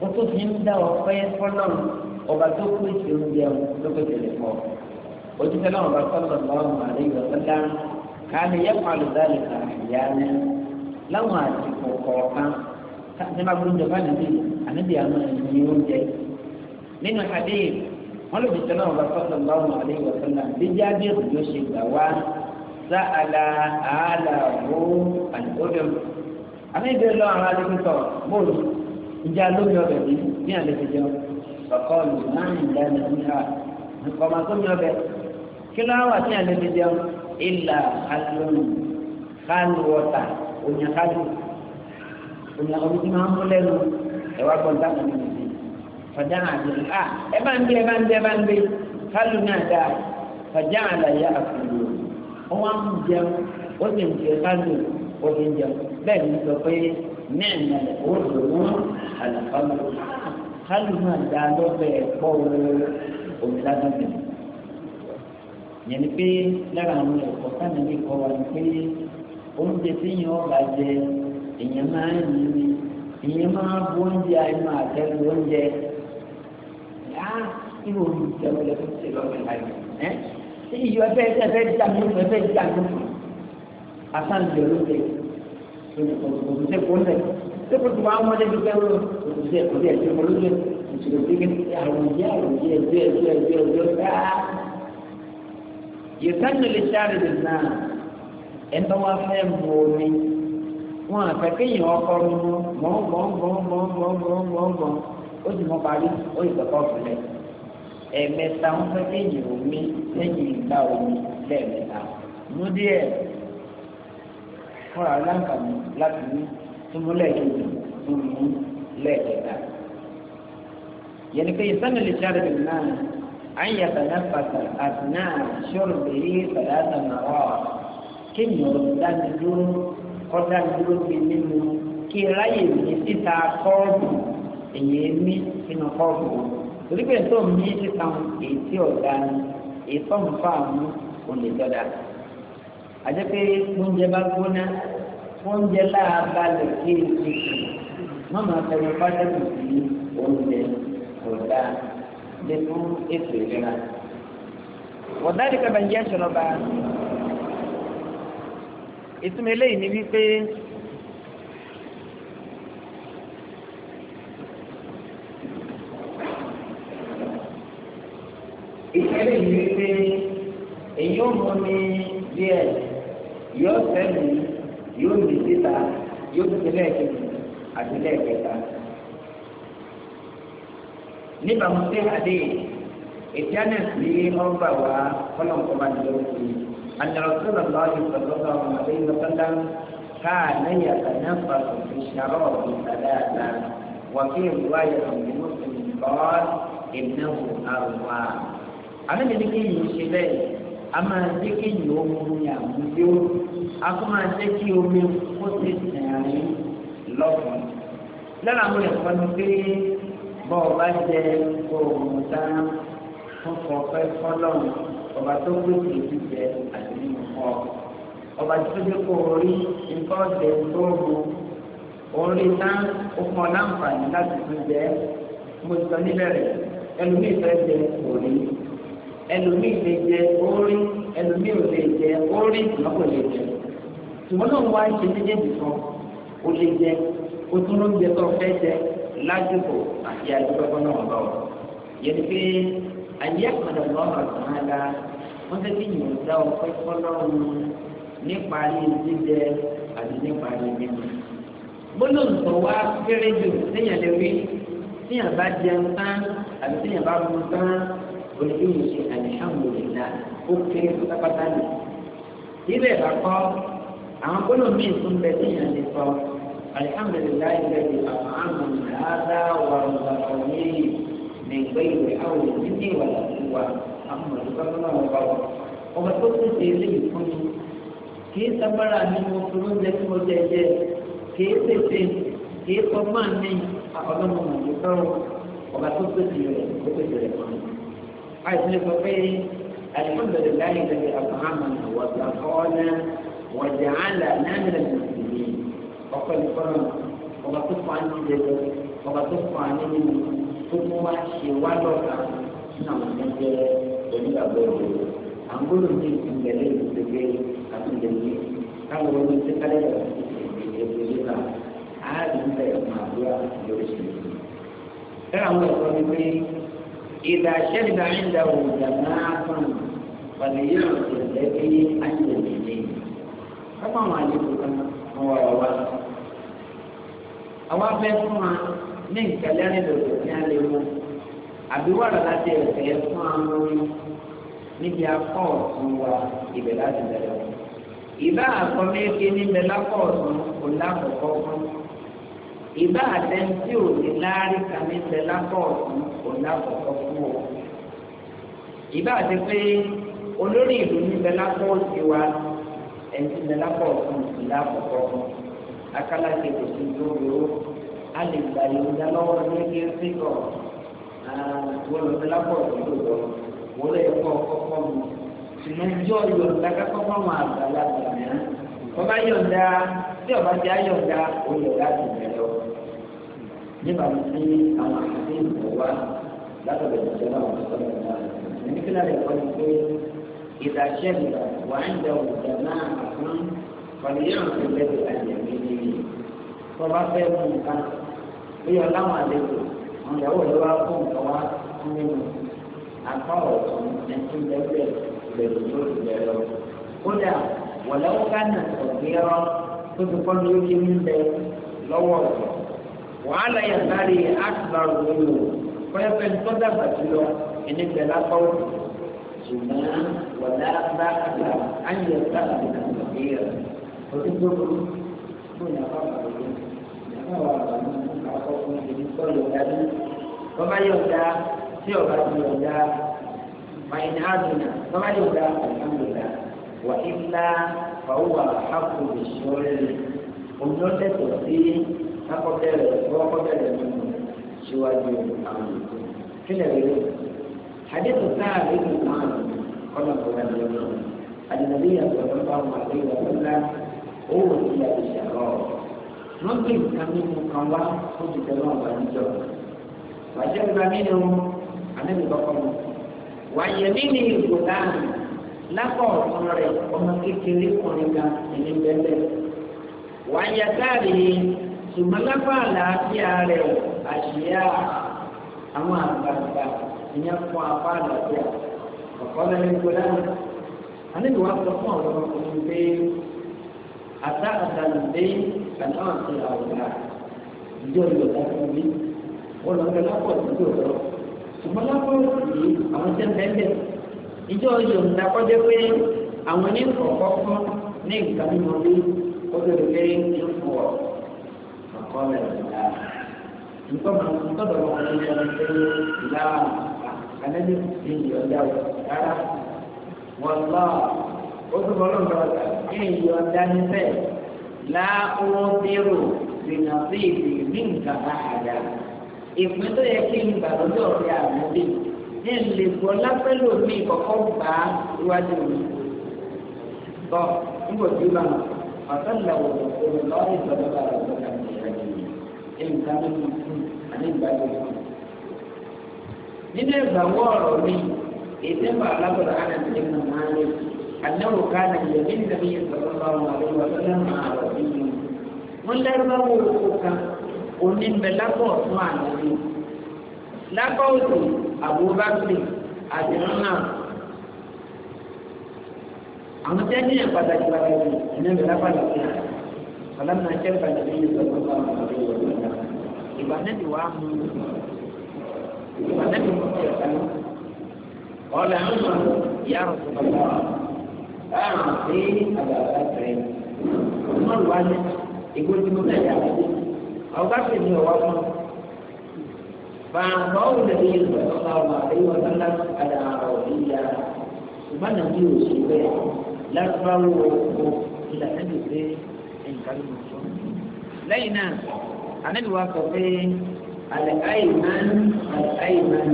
o tó fi ń dá ọpẹ́ fọlọ́ ọba tó kú ìṣe oúnjẹ o lókè tẹ̀lé pọ̀ ojúṣe náà ọba sọ̀rọ̀ lọ́wọ́ àlẹ́ ìwọ̀sọ́lá káàlì yẹ kó àlùdálẹ̀ kà yá ní láwọn àtìkù kọ̀ọ̀kan ní ma gbóúnjẹ bá níbi àníbi àwọn ènìyàn oúnjẹ nínú hadith wọn lóbi sọ̀rọ̀ ọba sọ̀rọ̀ lọ́wọ́ àlẹ́ ìwọ̀sọ́lá bí jáde sáàlà àálàwò àdìgbòdìm. àmì ìbéèrè lọ àwọn adigunṣọ bóòlù ìjà lómi ọbẹ̀ bí ní àlejò jẹun kọ̀kọ́ọ̀lù náà ń dáná níhà nǹkan máa tómi ọbẹ̀ kí ló wà ní àlejò jẹun ìlà alóhùn kánú wọ́tà ònyà kánú ònyà omi tí máa ń mú lẹ́nu ẹ̀wà gbọ̀ntà mọ̀ nínú ìdí. fàjà àdìrí à ẹ bá ń gbé ẹ bá ń gbé ẹ bá ń gbé kálù náà dáa fàjà àlàyé àkùn wọ́n wá ń jẹun wọ́n sì ń jẹ kánò wọ́n sì ń jẹun bẹ́ẹ̀ ni sọ pé mẹ́ẹ̀nà ó lò wọ́n àlàfáà kálù máa da lọ́bẹ̀ pọ̀ òmìnira tẹ̀. yẹn ni pé lára àwọn ẹ̀kọ́ sáà ní kọ́ wa ni pé oúnjẹ tí yẹn ọba jẹ èèyàn máa ń yí ni èèyàn máa ń bu oúnjẹ àìmọ̀ àtẹ́lu oúnjẹ. yá irú omi ìjẹun lẹ́kọ̀ọ́ sí lọ́bẹ̀ láyé iyọ̀ ẹ̀fẹ́ ẹ̀fẹ́ díà ní oṣù ẹ̀fẹ́ díà ní oṣù àtàǹdì olóde òṣìṣẹ́ kò lẹ̀ ṣé kò tó wá wọn lé dúpẹ́ wọn òṣìṣẹ́ kò lẹ̀ ṣe olóde òṣìṣẹ́ kò lẹ̀ àròyé àròyé ẹ̀jẹ̀ ẹ̀jẹ̀ ẹ̀jẹ̀ ẹ̀jẹ̀ káà. yòókànnì lè ṣáàrì lè nà ẹ̀ńtọ́ wá fẹ́ mú omi wọn àfẹ́kẹ́yìn ọkọ mímú mọ́ mọ́ mọ́ mọ́ mọ́ mọ́ mọ́ mọ́ ó sì mọ́ parí ó ì ẹ̀ẹ̀mẹta ń fẹ́ kéyìn omi lẹ́yìn ìgbà omi lẹ́ẹ̀mẹta mú díẹ̀ fúnra láǹkàmù láti mú túbú lẹ́ẹ̀kejì fún mú lẹ́ẹ̀kẹta. yẹnni pé ìsánà lè ṣáà rẹ̀ náà àń yàtọ̀ náà pàtà àti náà ṣòro bèrè sàdáàtà màwá kéyìn dání dúró kọ́ dúró bíi nínú kí ráyè mi síta kọ́ọ̀bù èyí mi sínú kọ́ọ̀bù torí pé tó ń yí síta èyí tí ọ̀gá ni èyí tó ń fa àmú òun lè dọ́dà. àti pé oúnjẹ bá gbóná oúnjẹ láàbàlẹ̀ kéèké má máa fẹ́ràn pátẹ́kù sí oúnjẹ kò dáa lè fún ètò ìlera. wọ́n dárí kábàáyé ṣọlọ́ba ìtumọ̀ eléyìí ni wípé. eléyìí wípé èyí ò mú ní díẹ̀ yóò sẹ́nu yóò ní síta yóò tún lẹ́ẹ̀kejì àti lẹ́ẹ̀kẹta. níbàámu sí adé ìtẹ́nẹ̀ sí ọgbà wa kọ́lọ́nkọ́ba ní lọ́wọ́ ànyàrọ̀sọ́nà lọ́ọ̀dì sọ̀tọ́sọ́ ọmọdé lọ́sọ́dá káà lẹ́yìn àtàná pàṣẹ ìṣàrọ̀ ìsàdáàdá wàkí ìwáyà ọ̀gbìn mọ́sùlùmí kọ́ ẹ̀mẹ́wò àrùwá àmì ní kí yìí ṣe bẹ́ẹ̀ a máa jẹ́ kí yìí omi ní àmúyé o a kó máa jẹ́ kí omi kó ti sẹ̀rin lọ́kùn. lára àwọn ẹ̀kọ́ ni pé bọ́ọ̀ bá jẹ oògùn tán fún kọ̀ọ̀fẹ́ fọ́lọ́run ọba tó gbé ìlú jẹ àti nínú kọ́ ọba tó dé kó orí nǹkan ọ̀dẹ̀ tó rú orí tán ó pọ̀ láǹfààní láti tún jẹ mo sọ níbẹ̀rẹ̀ ẹlòmíì fẹ́ jẹ orí ẹlòmíì lè jẹ orí ẹlòmíì ò lè jẹ orí ìlọ́pọ̀ lè jẹ ṣùgbọ́n náà wá ń ṣe méjèèjì kan ó lè jẹ ó tún ló ń jẹ tó fẹ́ jẹ lásìkò àti àdúgbò náà bá wà yẹn pé ayé àkàndà lọ́wọ́ àtàn ara wọ́n fẹ́ kí yìnyín dá ọpẹ́ fọlọ́run nípa ilé jíjẹ àti nípa ilé mímu gbólóǹtọ̀ wá kéré jù téèyàn lè rí téèyàn bá jẹun tán àti téèyàn bá mu tán onídìí yìí ṣe alihamudulila ó kéré pátápátá nì. ilé ìbákọ́ àwọn gbọ́dọ̀ míì tó ń bẹ téèyàn lè sọ alihamudulila ilẹ̀ ti àwọn àmọ̀ nàádá wà lọ́wọ́ yìí ní ìgbé ìwé àwọn ìdíje wà lọ́wọ́ àwọn olùkọ́ tó náà wọ́n bá wọ́n. ọba tó kún sí ilé ìfún mi kì í sábàrà ní mo fi oúnjẹ tí mo jẹ jẹ kì í tètè kì í sọ máa ní ọlọ́mọ mọ̀lẹ́tọ́rọ̀ ọba tó pèsè rẹ̀ ó pèsè rẹ̀ fún mi. حيث نقول الحمد لله الذي اطعمنا وسقانا وجعلنا من المسلمين وقال فرنا وما تصف عنه جدل وما تصف عنه ثم شوى الله تعالى نعم نجد ولي أبوه أقول هذا إذا شهد عنده جماعة فليعطي الذي عند اليمين فما واجبك هو رواه àwọn afẹ́ من wa ní nkẹ́lẹ́ ní lòdò ní alẹ́ wọn àbí wàrà láti ẹ̀fẹ́ fún wa lórí níbi akọ́ ọ̀tún wa ibẹ̀ láti bẹ̀rẹ̀ ìbá àkọ́ méje níbẹ̀ lápọ̀ ọ̀tún kò lákòókò fún ìbá àtẹ̀ntì ò ní láàárín kàmí bẹ lápọ̀ ọ̀tún kò lápọ̀tọ̀ fún ọ. ìbá àti pé olórí ìlú ní bẹ lápọ̀ wa ẹ̀ntì bẹ lápọ̀ ọ̀tún kò lápọ̀tọ̀ fún akálàṣe kò sí a lè gbà yóò dá lọ́wọ́ ní kí n sí kọ̀ wọ́n lọ bẹ lápọ̀ ọ̀tún lò wọ́n wọ́n lè kọ́ kọ́kọ́ mu ṣùgbọ́n yóò yọ̀ǹda kákọ́kọ́ mọ́ àgbàlagbà náà bọ́bá yọ̀ǹda tí ọba ti á ó yọ̀ǹda ti bẹ̀rẹ̀ o nípa sí àwọn àti ìwà látọ̀dọ̀ ìjọba àwọn sọ̀rọ̀ náà. Èmi kí láti ẹ̀kọ́ ni pé ìdájẹ́ ìgbà wà ń jẹ òkúta náà fún kọ̀nìyàn tó lẹ́bi àjẹmí nìyí. Tọ́ba fẹ́ mú nǹkan ó yọ láwọn àlejò àwọn ìyàwó rẹ̀ wá fún nǹkan wá fún nínú apá ọ̀tún ẹ̀sìn lẹ́gbẹ̀ẹ́ ìbẹ̀rù tó ti bẹ̀rẹ̀ lọ. Kódà wọ̀lẹ́wọ́ gánà ọ̀gbẹ́rọ́ tó ti wàhálà yẹn sáré akbar wọlé pẹ́ẹ́pẹ́ tó dàgbà jùlọ ẹni bẹ̀rẹ̀ lápá òkú ṣùgbọ́n wọ̀dà bá àgbà ayé sáà nígbà tó yẹ ọdún tó kù tó yà bá bàbá yẹn yàrá wà bàbá yẹn kà kọ́ fún ìdí tó yọ̀dá ní tí ọba ti yọ̀dá fàyìn àdùnà bọ́bá yọ̀dá àdùnà wà ilá fàwọ́ àkùnrin ṣọ́ọ́rẹ́ òun ló sí akọbẹ̀rẹ̀ ọkọbẹ̀rẹ̀ nínú síwájú àwọn ètò kílẹ̀ rẹ̀ àdéhùn náà rí ní wọn kọ́nà tó wà ní ọ̀rọ̀ àdìmọ̀lẹ́ yàtọ̀ ló bá wọn àti ìyàwó ńlá owó ti yàtọ̀ ìṣàrọ̀ wọn gbé nǹkan mímu kan wá fún ti tẹ̀lé ọ̀gá níjọ wàjẹ́ ìgbà nínú anábìbọ́kọ́ wàyẹ̀ nínú ìgbò náà lápọ̀ ọ̀tún rẹ̀ kékeré kùnrin kan ẹni bẹ́ẹ̀ wàyẹ̀ káàdì ṣùgbọ́n lápá àlàáfíà rẹ̀ àṣìyá àwọn àgbààgbà ìyẹn fún apá àlàáfíà ọ̀pọ̀ lẹ́nu gbọ́dá àníbi wàá sọ fún àwọn ọkùnrin pé àtà àtàlùdé kàná àti àwòrán ìjọ ìlọ̀dá fún mi wọn lọ bẹ lápọ̀ òsì àwọn tẹ́ bẹ́ẹ̀ ìjọ pé àwọn ní ó bẹ̀rẹ̀ kọ́lẹ̀ ìlà ntọ́dọ̀ wọn ti sọ pé ìlà àlẹ́bí ti yọ̀ọ̀dá o rárá wọn lọ ó tún bọ́ lọ́dọ̀ kí n yọ̀ọ̀dá níbẹ̀ láwọn bírò gbìyànjú sí ìdí ní nǹkan àhàdà ìpín tó yẹ kí n gbà lọ́dọ̀ ọ̀rẹ́ àmọ́bí ní lè gbọ́ lápẹ́lú mi kọ́kọ́ gbà á iwájú mi. bọ́ nígbà tí ó bá wọn ọ̀sán ìlàwọ̀ òṣèlú lọ́rùn ìjọba rẹ̀ nǹkan tó ti kú àní ìgbàgbọ́ ìlú. nínú ìgbàgbọ́ ọ̀rọ̀ mi èdè bá alábọ̀dọ̀ àná ti dín náà máa ń lé àdéhùn káàdà ìyẹn ní ìdàbí ìgbàgbọ́ bá wọn àlọ́ wọn lọ́dọ̀ máa rọ̀ bí mi. wọ́n lẹ́rọ owó kan òní mbẹ lápọ̀ fún àná mi. lápá òsì àbúbákì náà àwọn tẹ́lẹ̀ pàtàkì pàtàkì ìnáwó lápá lọ́sẹ̀ ọlọ́mọ akẹ́kọ̀ọ́ àti ẹ̀yìn ìgbàgbọ́ bá wà lórí ìwọ̀n ìgbà náà ti wá mú ìgbà náà ti mú ìyá kan ọ̀là ń mọ ìyá ọ̀sùn bàbá báwọn sí àgbàlagbà tẹ̀ ọmọ ìwà ni ìgbó tí mo náà yà wá ọba sì ní ọwọ́ fún báwọn báwọn lè lẹ́yìn náà anábìwá sọ pé alẹ́ àìmán alẹ́ àìmán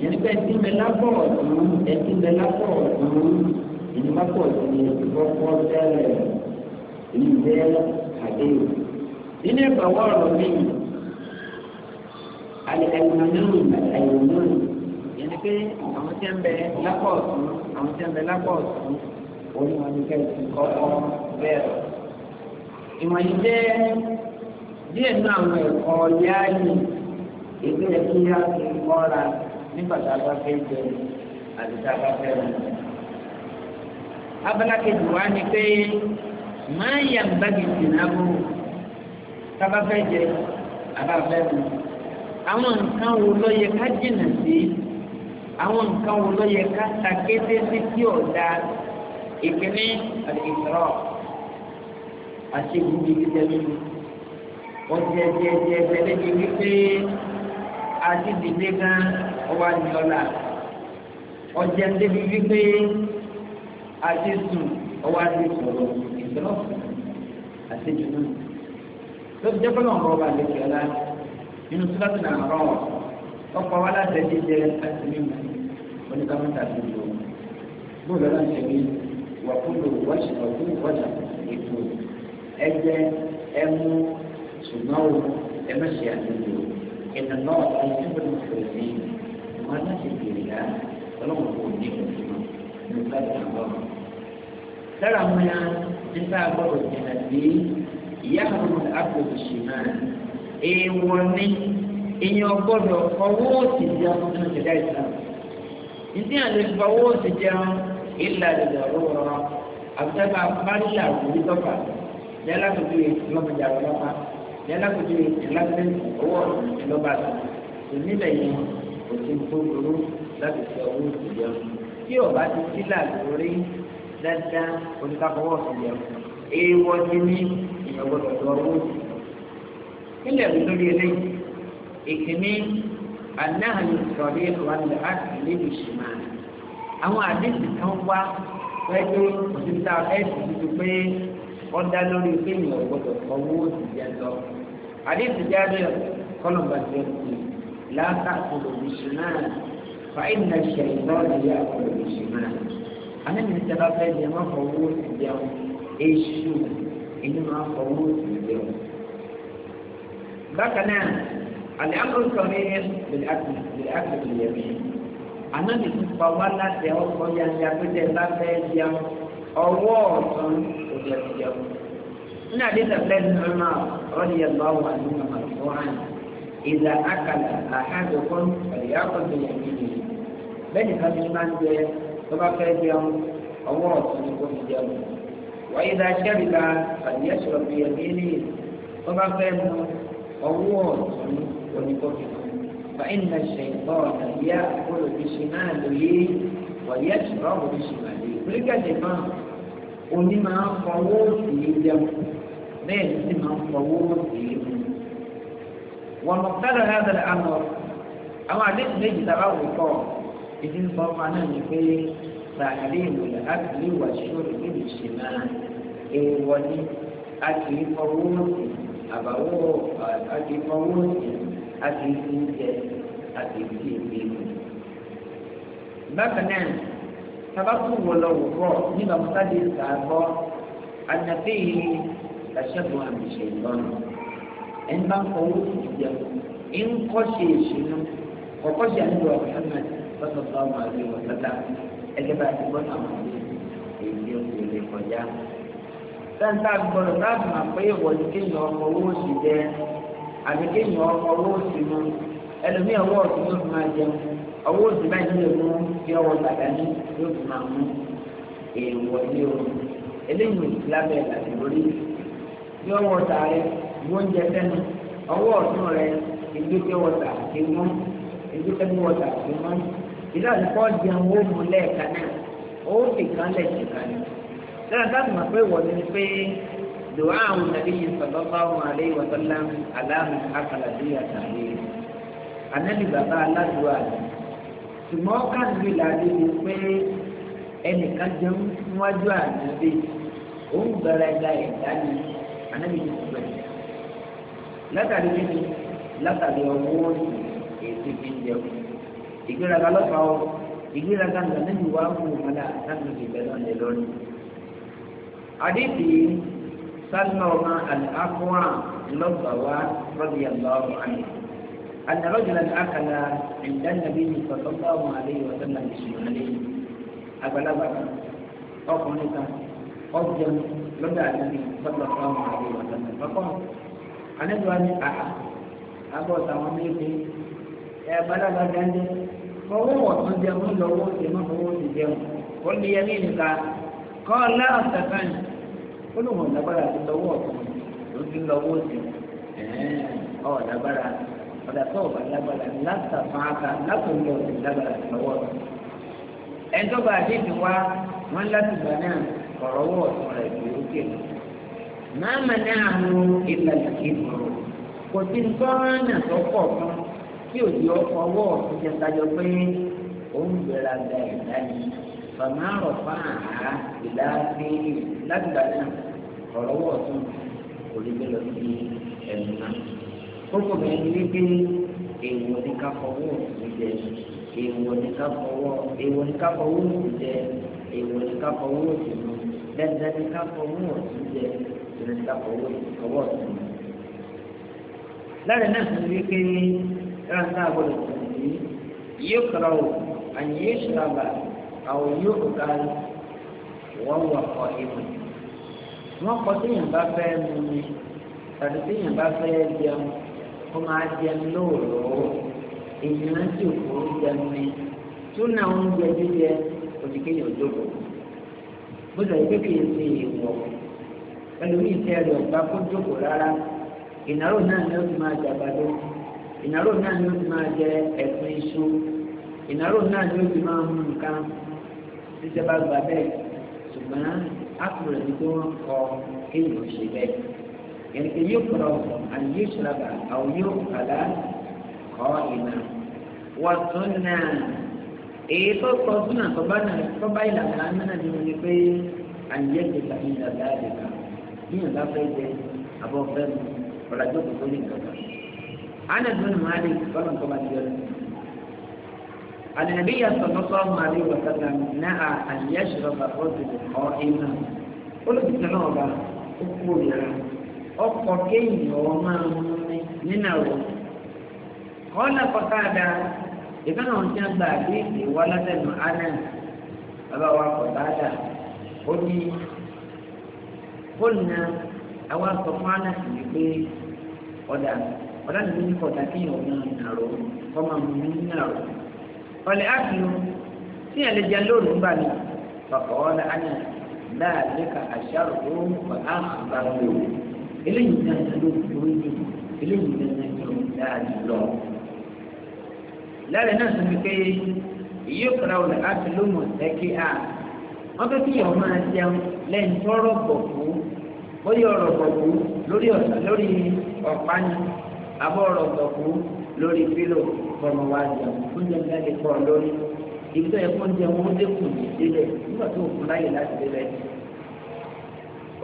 yẹn pé ẹtí bẹ lápọ̀ ọ̀dún ẹtí bẹ lápọ̀ ọ̀dún ẹni bá pọ̀ sí ẹtí bọ́ pọ́ tẹ́lẹ̀ ìgbẹ́ àdéhùn. nínú ẹ̀bà wọ́ọ̀rọ̀ mi alẹ́ àìmán náà alẹ́ àìmán náà yẹn àwọn tí ń bẹ lápọ̀ ọ̀dún àwọn tí ń bẹ lápọ̀ ọ̀dún onímọ̀ nígbà tí kọ́ ọ bẹ́ẹ̀ rọ̀ ìwọ̀nyí jẹ́ díẹ̀ náà àwọn ẹ̀kọ́ yáàyè ètò ẹ̀kí yá ti mọ́ra nígbà tá a bá fẹ́ jẹ àti tá a bá fẹ́ rẹ. abala kejì wá ni pé máa yà ń bá gidi náà bò tá a bá fẹ́ jẹ àbá fẹ́ rẹ. àwọn nǹkan wo ló yẹ ká jìnnà sí àwọn nǹkan wo ló yẹ ká ta kété sí tí ọ̀dà ìkíní àti ìtọ́rọ̀ àṣegun bíi kíkẹ́ lónìí wọ́n ti ẹ̀jẹ̀ ẹ̀jẹ̀ ẹ̀fẹ́lẹ́ bíi wípé àdídìdé gan ọwọ́ àdìọ́là ọjẹ́ ń débi wípé àdìsùn ọwọ́ àdìsọ̀rọ̀ ìgbẹ́lọ́ àṣejù náà lóbi jẹ́ pẹ́lú ọ̀rọ̀ ọba àlejò ọ̀la nínú sílátì náà rọ̀ ọkọ̀ wa láti ẹ̀jẹ̀ jẹ́ àti mímu oníkàmọ́tà tó lò bóòlù ọ̀la ń ṣe wí wàkúlò wáṣẹ̀ wàkúlò ẹgbẹ́ ẹmu ṣùgbọ́n o ẹmẹ́sì àdúgbò ìnà náà ẹtí wọn ti fèrè sí wọn láti bèrè yá ọlọ́run kò ní ìwọ̀n fún un nígbà tó ń bọ̀. lára àwọn ya nígbà gbọ́dọ̀ jìnnà sí ìyá àwọn àpòjù ṣì náà èèwọ̀ ní èèyàn gbọ́dọ̀ fọwọ́ òsì jẹun nínú ìdá ìsàn. ìdí àlè fọwọ́ òsì jẹun ìlà ìdàrú ọ̀rọ̀ yẹn lákòókò yìí lọ́mọdé àwọn ọlọ́pàá yẹn lákòókò yìí ìlànà owó ìlọ́ba àti ìnílẹ̀ yìí kò sí tó burú láti fi owó ìjọ tí ọba ti sílà lórí dáadáa oníkàfọwọ́ ìjọ èèwọ̀ ti ní ìyàgbọ́dọ̀ tó owó nílẹ̀ mi lórí eléyìí ìkíní anáhàlì sọ̀rí ìwà ní ìṣìmá àwọn àdéhùn kan wá pẹ́ẹ́dé òṣìṣẹ́ ẹ̀sìn tuntun pé ọ̀dá lórí kéèyàn gbọ́dọ̀ ọwọ́ òṣìṣẹ́ lọ. àdéhùn jáde kọlọ̀mbà ti ń pè látàkùn òṣìṣẹ́ náà fàáyìn náà ṣe ìtọ́jú yà kọlọ̀ òṣìṣẹ́ náà. àlẹ́mi ti bá fẹ́ jẹ máa fọwọ́ òṣìṣẹ́ wọn èṣù èyí máa fọwọ́ òṣìṣẹ́ wọn. bákan náà àlẹ́ àkọ́kọ́ mi mi. àná mi ti ọwọ́ ọ̀tún òjò ìjẹun. nínú àdéhùn abẹ́rẹ́ náà máa rọ́ọ̀dì yẹn bá wà nínú ọmọ ìfọ́ hàn ìlà àkàlà àhàdùkún ìyàkọ̀tò yẹn bẹ́ẹ̀ nìkan ti máa ń jẹ tó bá fẹ́ jẹun ọwọ́ ọ̀tún ni kò wáyé dá sẹ́ríkà àdìyẹ́sọ̀rọ̀ fi yẹn bí ní tó bá fẹ́ mu ọwọ́ ọ̀tún oníkókè. فإن الشيطان يأكل بشماله wọ̀nyẹ́ ṣùgbọ́n mo ṣì máa lè bíríkẹ̀tì náà oní máa ń fọwọ́ sí i jẹun bẹ́ẹ̀ ni sì máa ń fọwọ́ sí i mu. wọ́n mọ̀ fẹ́rẹ̀ lábẹ́rẹ́ àmọ́ àwọn àdéhùn méjì tàbá wò kọ́ ìdí ń bọ́ ọmọ náà ni pé sàárè ìwòlẹ̀ á kì í wà sórí ìlú ṣì máa èèwọ̀ ni a kì í fọwọ́ sí àbáwọ̀ a kì fọwọ́ sí a kì í fi jẹ a kì í ìgbé bákan náà tabakú wò lọ wò bọ nígbà mọ́tàdé sàbọ̀ ànàfẹ́ yìí làṣẹ́gun àmìṣe ìlọ́nà ẹ̀ ń bá ń kọ́wọ́ ìjẹ ń kọ́ṣe ìṣúná ọ̀kọ́ṣe àdúgbò Muhammad sọ́sọ́sọ́ ọmọ àgbẹ̀ wọ̀sọ́dá ẹgbẹ́ bá ti gbọ́dọ̀ àwọn àgbẹ̀ èyí ó ti lè kọjá. sẹ́ńtà gbọ́dọ̀ láti máa pé ìwọ̀lú kéèyàn ọmọ owó òsì jẹ àbí kéèyàn ọmọ owó òsì mu ẹlòmíì ọwọ́ owó oṣù báyìí ló lè mú kí ọwọ́ bàtà ní yóò fi máa mú èèwọ̀ ilé o eléyìí lábẹ́ ìlànà lórí bí ọwọ́ ọ̀tà rẹ gbóúnjẹ sẹ́nu ọwọ́ ọ̀tún rẹ ìgbésẹ̀ wọ̀tà ti mú ìgbésẹ̀ bí wọ̀tà ti mú ìlú àdìpọ̀ jẹun ó mú lẹ́ẹ̀ka náà ó sì kan lẹ̀ kan ní. sọ́dọ̀ táàbù mọ̀ pé wọ̀ ni pé dùwà àwọn nàbí yìí sọ̀tọ̀ bá wọn àlẹ́ ìwọ̀tọ́lá aláàmì akàlàdé àtàlẹ́ ànábì ṣùgbọ́n káàdì làdé ni pé ẹnìkan jẹun níwájú ànábì òun gbára ẹ̀dá ẹ̀dá ni ànábì ti kú bẹ̀rẹ̀ látàrí kíni látàrí ọwọ́ òsì èsì fi ń jẹun ìgbéraga lọ́pàá o ìgbéraga ń lọ níbi wàá mú un láti fi bẹ́ẹ̀ lọ́nà lọ́nà. àdébì sálọ̀ àlùkò àkọ́wà lọ́gbàá wa rọ́bìyàn lọ́wọ́ àná. أن رجلا أكل عند النبي صلى الله عليه وسلم بشماله أبلا بكر أو أرجم لدى النبي صلى الله عليه وسلم فقال أنا أدعى أحد أبو سامي أبلا بكر فهو وصل جمع لو جمع هو جمع قل لي يمينك قال لا أستفني كلهم لبلا تدور لو تدور أه لبلا ọ̀dà tó ọ̀bà lágbára látàfáàkà látòlú ọ̀sìn lágbára lọ́wọ́ ẹ̀ńtọ́gbà àdéhùn wa wọ́n láti gbà náà ọ̀rọ̀ wọ̀ ọ̀sán rẹ̀ ló kè lọ. máa mà ní àwọn ìlànà ìbòrò kò sí nǹkan tó pọ̀ fún kí òjì ọkọ̀ ọwọ́ ọ̀sán jẹ́ sájọ pé òun gbéra gba ìdá ni bàmá ọ̀fà àhá ìdá sí láti gbà náà ọ̀rọ̀ kókò mi ní wípé èèwọ̀ ní ká fọwọ́ òkú jẹ èèwọ̀ ní ká fọwọ́ èèwọ̀ ní ká fọwọ́ òkú jẹ èèwọ̀ ní ká fọwọ́ òkú mu dandan ní ká fọwọ́ òkú jẹ ìrìn ká fọwọ́ òkú mu. lára náà fún wípé ráńtà àbọ̀lọ̀ tó ń yóò kọ́ra o àyè yóò ṣàbà àwọn yóò ká wọ́n wà kọ́ ìmọ̀ wọ́n kọ́ téèyàn bá fẹ́ mú mi tàbí téèyàn bá fẹ́ jẹun kó máa jẹun lóòrò èèyàn sì kó jẹun ni túnà oúnjẹ jíjẹ òtìkéyàn jókòó bó sọ pé kì í ṣe ìwọ ẹlòmíì tẹ ẹrù ọgbà kó jókòó rárá ìnáró náà ni ó ti máa jẹ àgbàdo ìnáró náà ni ó ti máa jẹ ẹ̀fún iṣu ìnáró náà ni ó ti máa mú nǹkan títẹ bá gbà bẹ́ẹ̀ ṣùgbọ́n ápùrẹ ni tó wọn kọ kéèyàn ṣe bẹ́ẹ̀. يعني يكره أن يشرب أو يؤكل قائما وظن إيه فظن فبنا فبايلا أننا نقول أن يجب عند ذلك هنا إيه، لا بيت أبو فهم فرجوك كل كفر أنا ابن مالك فلن كما تقول النبي صلى الله عليه وسلم نهى أن يشرب الرجل قائما قلت نعوذ أقول يا ọkọ̀ kéèyàn ọ̀ máa ń mú nínà wò. kọ́lá kọ́tàdá ìkan náà ti ń gba àdéhìí wá látẹnu anan bàbá wa kọ́tàdá ó ní kólùnà àwọn asọ̀fún anan sì ní pé ọ̀dà ọ̀dà nìyí ní kọ̀tà kéèyàn ọ̀ máa nà rò kọ́ máa mú nínà rò. ọ̀lẹ́ àkìlú tí àlejò lóòrùn gbà ní fàkọ̀ọ́lá anan láàbíkà àṣà òun pàápàá eléyìí dandan ló fi oúnjẹ eléyìí dandan ló ń dá jùlọ. lára náà sọ pé èyí ò kọ́ra ọ̀la àti lómọ ṣẹ́kí à wọ́n fẹ́ kí ọmọ jẹun lẹ́yìn tó rọ̀bọ̀ fún bóyá ọ̀rọ̀bọ̀ fún lórí ọ̀sán lórí ọ̀pá ni abọ́ ọ̀rọ̀bọ̀ fún lórí pílò fọmọ wa jẹun oúnjẹ ńlá lè kọ́ ọ lórí ìgbésẹ̀ fún oúnjẹ wọn ó dẹ́kun ìdílé nígbà tó kún láyè láti délẹ̀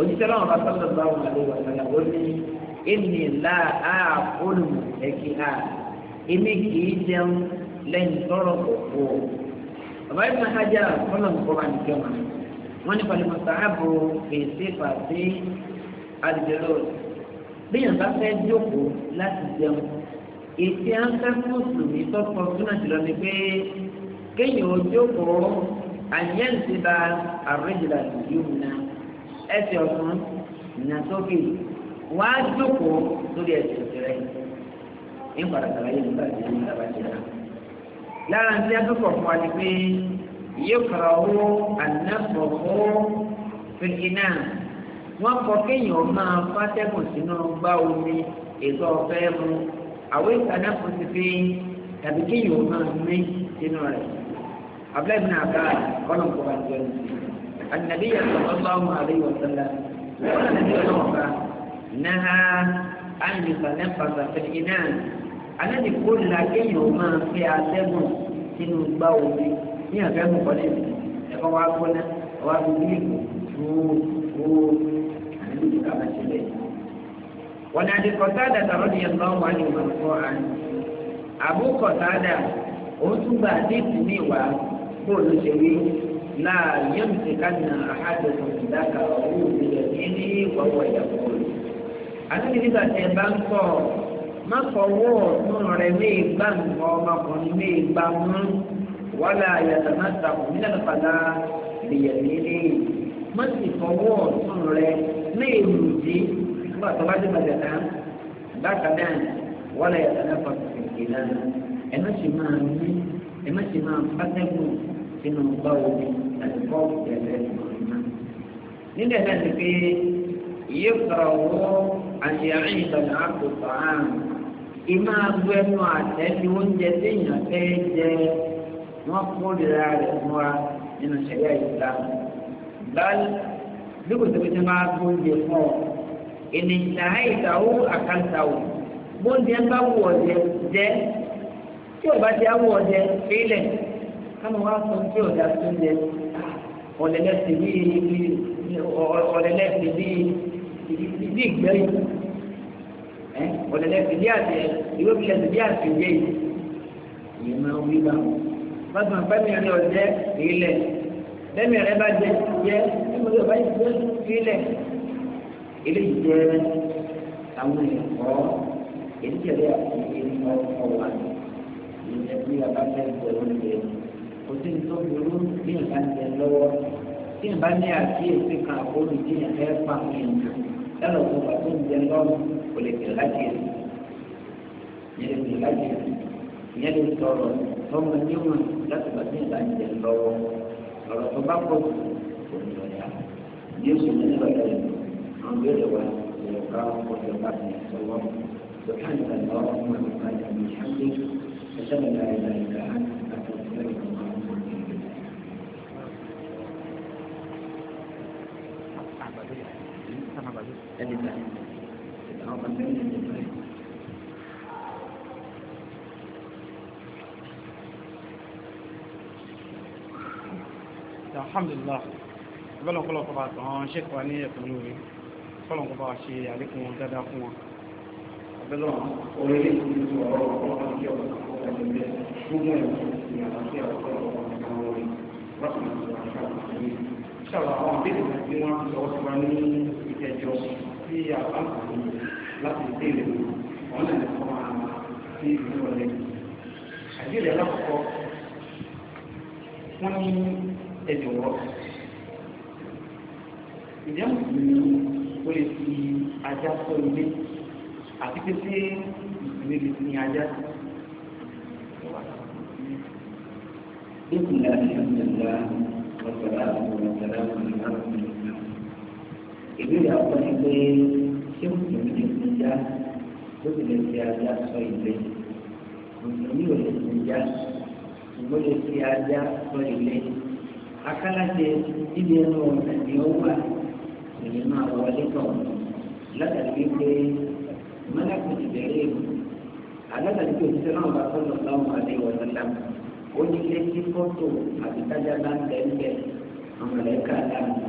òjíṣẹ́ náà wọn sọ́dọ̀ bá wọn àlè wọn sọ́dọ̀ ó ní èmi là á olùmọ̀ ẹ̀kí à èmi kì í jẹun lẹ́yìn tọrọ òkú o bàbá yìí máa hájà fọlọ́n kọ́ wa nìkẹ́ wọn wọn ní pàlẹ́ mọ̀tà ààbò fèsì fàṣẹ àdìjẹ́lò bí yàtọ̀ fẹ́ jókòó láti jẹun ètí àǹkà mùsùlùmí tọkọ súnà jùlọ ni pé kéèyàn ó jókòó àyẹ̀ǹtì bá àrẹ́jìlá yìí náà ẹsẹ̀ ọ̀tún ìyàsókè wàá jókòó lórí ẹsẹ̀ òṣèré ní pàtàkì yìí nígbà tí wọ́n dábàá jẹ́ náà. lára ní adúpọ̀ fún wa ni pé yíkọ̀rọ̀ owó ànáfọ̀ owó fìlì náà wọ́n kọ kéèyàn máa fàtẹ́gùn sínú gbá omi ètò ọ̀fẹ́ mu àwọn ìkànnà fún ti fi tàbí kéèyàn máa mí sínú rẹ̀. abúlé mi náà bá ọlọ́nkọ́ bá ti wọ́n ti fi. النبي صلى الله عليه وسلم قال النبي صلى نهى أن يتنفس في الإناء الذي كل يوم في عتبه sínú gbá omi ní àgbẹ̀mú kọ́lé mi ẹ̀kọ́ wa gbóná wa fi bílíkù fúú àdúgbò kàmá ṣe bẹ́ẹ̀. wọ́n ní adé kọ́tàdà tàbí ọdún yẹn lọ́wọ́ wà ní ìmọ̀ fún àná. àbú kọ́tàdà òun tún gba àdéhùn ní ìwà bóòlù ṣe wí لا يمسكن أحدكم ذكره بيمينه وهو يقول àti nígbà tí ẹ bá ń kọ má fọwọ́ ọ̀tún rẹ méè gbá nǹkan ọmọkùnrin méè gbá mú wàhálà yàtọ̀ má sàkùn nílẹ̀ nípadà ìyẹ̀mí ní má sì fọwọ́ ọ̀tún rẹ méè lùdí nígbà tó bá dé bàjẹ́ tán náà wàhálà yàtọ̀ náà fọ kìkì náà ẹ má sì máa mí ẹ má sínú gbá omi àti bọ́ọ̀lù tẹ̀lé nílẹ̀ náà ni pé ìyẹ́ kọ̀rọ̀ wọ́ àti àárín ìtọ́jú àkókò àrùn ìmọ̀ agbó ẹnu àtẹ́ ni oúnjẹ téèyàn fẹ́ jẹ wọ́n kórìíra rẹ̀ fún wa nínú ṣẹ̀yà ìta báyìí bí kò tóbi tí máa gbó oúnjẹ fún ọ ènìyàn àìta ó àkàǹtà ó bóńdé ń bá wù ọ̀jẹ̀ jẹ́ tí ò bá ti á wù ọ̀jẹ̀ fílẹ̀ káwọn wá sọ tí ò dá sí oúnjẹ ọ̀lẹ́lẹ́sì bíi ọ̀lẹ́lẹ́sì bíi bíi ìgbẹ́yìn ọ̀lẹ́lẹ́sì bíi àti ìwé ìlẹ́sì bíi àti ìgbẹ́ yìí ìyẹn máa ń wí bá wọn. bàtà pẹ́mi rẹ̀ ọ̀jẹ́ ìlẹ̀ pẹ́mi rẹ̀ bá jẹ́ jẹ́ pẹ́mi rẹ̀ bá jẹ́ ìlẹ̀ ilé ìjẹ́ àwọn ẹ̀kọ́ èyí tẹ̀lé àti ìlú ọ̀wà ìyẹn bí abáfẹ́ ìgbẹ́ oúnjẹ yìí kò sí ní tó burú bí nǹkan tẹ̀ lọ́wọ́ tí n bá ní àkíyèsí kan àkóónú tí yẹn fẹ́ pa àwọn èèyàn lọ́nà tó bá tó ń jẹ lọ́rùn kò lè tẹ̀ láti ẹ̀ yẹn lè tẹ̀ láti ẹ̀ ìyẹn lè sọ̀rọ̀ tọ́mọ níwọ̀n láti bá tí n bá ń jẹ lọ́wọ́ ọ̀rọ̀ tó bá pọ̀ kò ní ọ̀yà yéésù ní ìrọ̀lẹ́ àwọn ìbéèrè wa ìrọ̀ ká ọjọ́ bá ti sọ̀rọ̀ سبحانك اللهم وبحمدك أشهد anytime àwọn kan lẹ́yìn ìlú báyìí. alhamdulillah bẹ́ẹ̀ kọ́lọ̀ kọ́ba àtàwọn ṣẹ́kọ̀ wa ní ẹ̀kọ́ lórí kọ́lọ̀ kọ́ba wa ṣe àlékún wọn dáadáa fún wọn abẹ́lọ́ orílẹ̀ èdè tó ọ̀rọ̀ ọ̀rọ̀ kí ọ̀rọ̀ ẹ̀lẹ́gbẹ́ gbogbo ẹ̀kọ́ ìyàtọ̀ sí àwọn ọ̀rọ̀ ọ̀rọ̀ ọ̀rọ̀ ṣàlọ́ àwọn àbẹ̀rẹ̀ tí wọ́n ti sọ sí wa ní ìjẹjọ́ sí àbáǹkì láti ìbéèrè wọn lè fọ́ máa sí ìlú ọ̀lẹ́. àbẹ̀rẹ̀ alákọ̀ọ́kọ́ wọ́n ní ẹ̀jọ̀ wọ́. ìjẹ́ mùsùlùmí ó lè fi ajá sọ ilé àti pé sí ìsinmi lè fi ajá sí. بسم الله الحمد لله والسلام والسلام ìbéèrè àwọn ni pé ṣé mùsùlùmí lè fi já ló sì lè fi ajá sọ ilé mùsùlùmí ò lè fi já ṣùgbọ́n lè fi ajá sọ ilé akálàṣe ibi ẹnu ọ̀nà ni ó wà èyí máa wọlé tọ̀ látàrí wípé mọ́lá kò sì bẹ̀rẹ̀ alátàrí pé òṣìṣẹ́ náà bá tọ́lọ̀ láwọn àlẹ́ ìwọ̀sán láwọn ó ní ilé tí fọ́tò àti tájà bá ń bẹ̀ ń bẹ̀ àwọn ẹ̀ka dàbí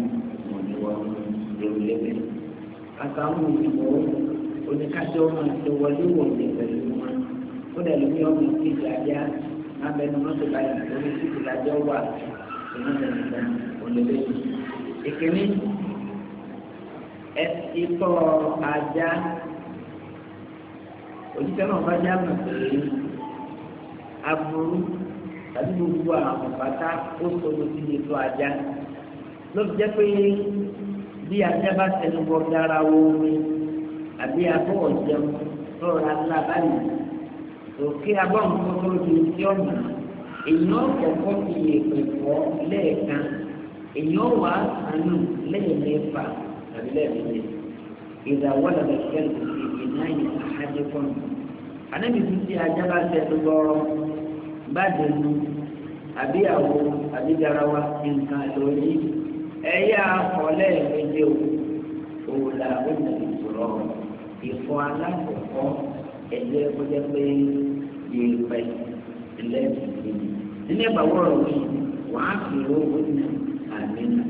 mọ̀lẹ́ wọn lórí lẹ́bẹ̀. àtàwọn òyìnbó oníkájọ́ máa ṣe wọlé wọ̀lẹ̀ pẹ̀lú wọn ó dẹ̀ lómi ọmọ ìkejì ajá lábẹ́nu mọ́tò báyìí lórí títí lájọ́ wà ìmọ̀lẹ́nìkan òlẹ́lẹ́ ìkíní ikọ̀ ajá òjíṣẹ́ náà bá já mọ̀ pé aburú tàbí gbogbo àwọn bàtà ó sọdọ sí iye tó ajá ló fi jẹ́ pé bí ajá bá tẹnu bọ dára wo ni àbí abọ́ ọ̀jẹun lọ́ra ńlá báyìí òkè abọ́ nǹkan tó di sí ọ̀nà èèyàn kọ̀ọ̀kan fi èpè pọ̀ lẹ́ẹ̀kan èèyàn wà sànù lẹ́ẹ̀mẹ́fà tàbí lẹ́ẹ̀mẹ́lẹ́ ìdáwọ́ làbẹ̀kẹ́ lòdì ìnáyà àhájẹ́kọ́nù ànábìsí ti ajá bá tẹnu bọ́ọ̀rọ̀ bàjẹ́ nu àbí àwo àbí garawa nǹkan lórí ẹ̀yà ọ̀lẹ́ ìgbẹ́jẹ́ o òòlà òòlà ìṣòro ìfọ alákọ̀ọ́kọ́ ẹ̀jẹ̀ kọjá pé yìí pẹ́ ẹlẹ́sìn kejì nínú ẹ̀bà wọ̀rọ̀ mi wàá fi owó nà àmìnà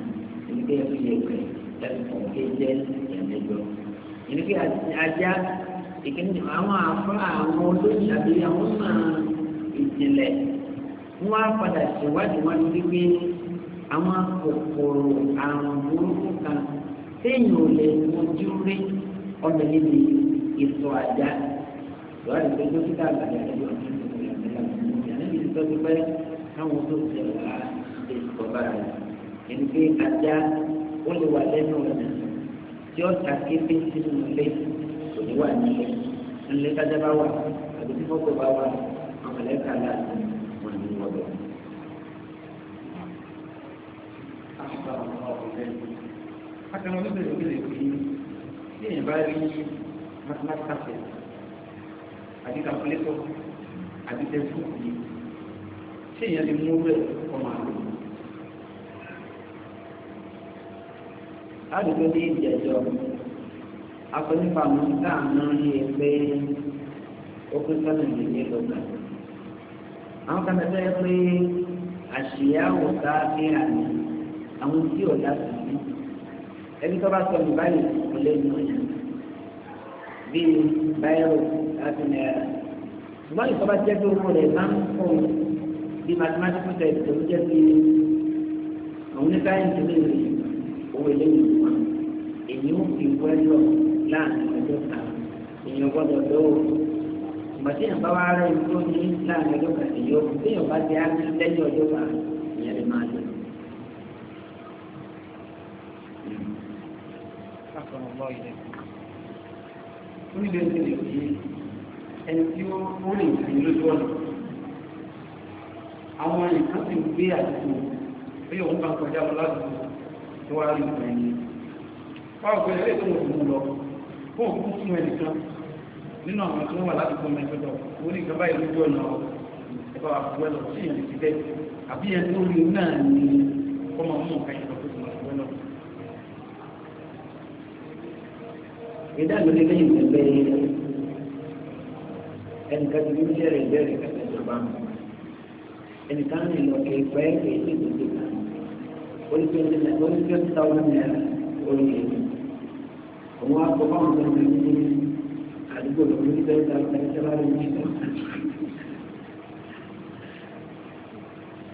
nígbà yẹn fi yẹ pẹ́ ẹ̀fọ́ kéjẹ́ ẹ̀mẹjọ. ìníkẹ́ ajá ìkíni àwọn afọ àwọn olóyìn àbí àwọn máa ìjìnlẹ̀ wọ́n á padà ṣèwádìí wọn wípé àwọn kòkòrò àrùn burúkú kan téèyàn ò lè mojú rí ọmọ níbi ìtọ̀ àjà ìwádìí pé dókítà àgbàdo àti ọ̀sán ìgbàlódé àgbàdo àti ìtọ́jú pé káwọn tó tẹ̀ wá ètò bára ẹni pé ajá ó lè wà lẹ́nu ọ̀nà tí ó ta kété sínú ilé kò ní wà nílé nílé kájá bá wà àbí tí fọ́tò bá wà mọ̀lẹ́kà láti wọ́n ní wọ́dọ̀. Akẹ́wọ́n ló bẹ̀rẹ̀ bẹ̀rẹ̀ pé bí èèyàn bá rí mathematical set àti calculator àti textbook yìí ṣé èèyàn lè mú bẹ́ẹ̀ ọmọ àlọ́. Àdúgbò ní ìjẹ́jọ́ akọ nípa àwọn tá à ń rí ẹgbẹ́ ó pín sọ́nà ìdílé lọ́gbàá àwọn kan tẹ́tẹ́ yẹ pé àṣìyáwó ká bí àmì àwọn tí ò dá sí i ẹbí tó bá sọ ní báyìí kò lè nù yàn bíi báyìí láti náírà ṣùgbọ́n ìtọ́ bá jẹ́ pé owó rẹ̀ máa ń fún bí mathematical test tó ń jẹ́ bí àwọn oníkáyọ̀tì lè rí owó ilé ìlú wọn èyí ó fi wẹ́lọ̀ láàrin ọjọ́ kan èyí ó gbọ́dọ̀ lọ́wọ́ ìgbàtí yẹn bá wá rẹ ìlú ní láàrin ọjọ́ kan èyí ó bí yẹn bá ti á ní lẹ́yìn ọjọ́ kan ìyẹn lè máa lò. oníbẹ̀ ti lè fi ẹni tí ó ó lè fi lójú ọ̀nà àwọn nǹkan ti gbé àdúgbò bí òun bá kọjá wọn ládùúgbò tó wá rí ìgbà ẹni. báwo pẹ̀lú ẹ̀rẹ́ tó fún un lọ fún òkú fún ẹnìkan nínú àwọn tó wà láti fún ẹgbẹ́tọ̀ ó ní ìjọba ìlú jọ ọ̀nà ẹ̀bá àfúwẹ́lọ̀ sí ìyẹn ti bẹ́ẹ̀ àbí ẹ̀ tó rí náà ní ọmọ mú ọ̀ka ìjọba tó fún àfúwẹ́lọ̀. ìdá mi ní lẹ́yìn ẹgbẹ́ ẹnìkan ti ní ìṣẹ̀lẹ̀ ìbẹ̀rẹ̀ kẹta ìjọba mi ẹnìkan ní ìlọ ẹgbẹ́ ẹgbẹ́ ìdí ìdí kan oníṣẹ́ ní thousand naira orí gbọ́dọ̀ ló ní tẹ́lẹ̀ tàbí tàbí tẹ́lẹ̀ rí ní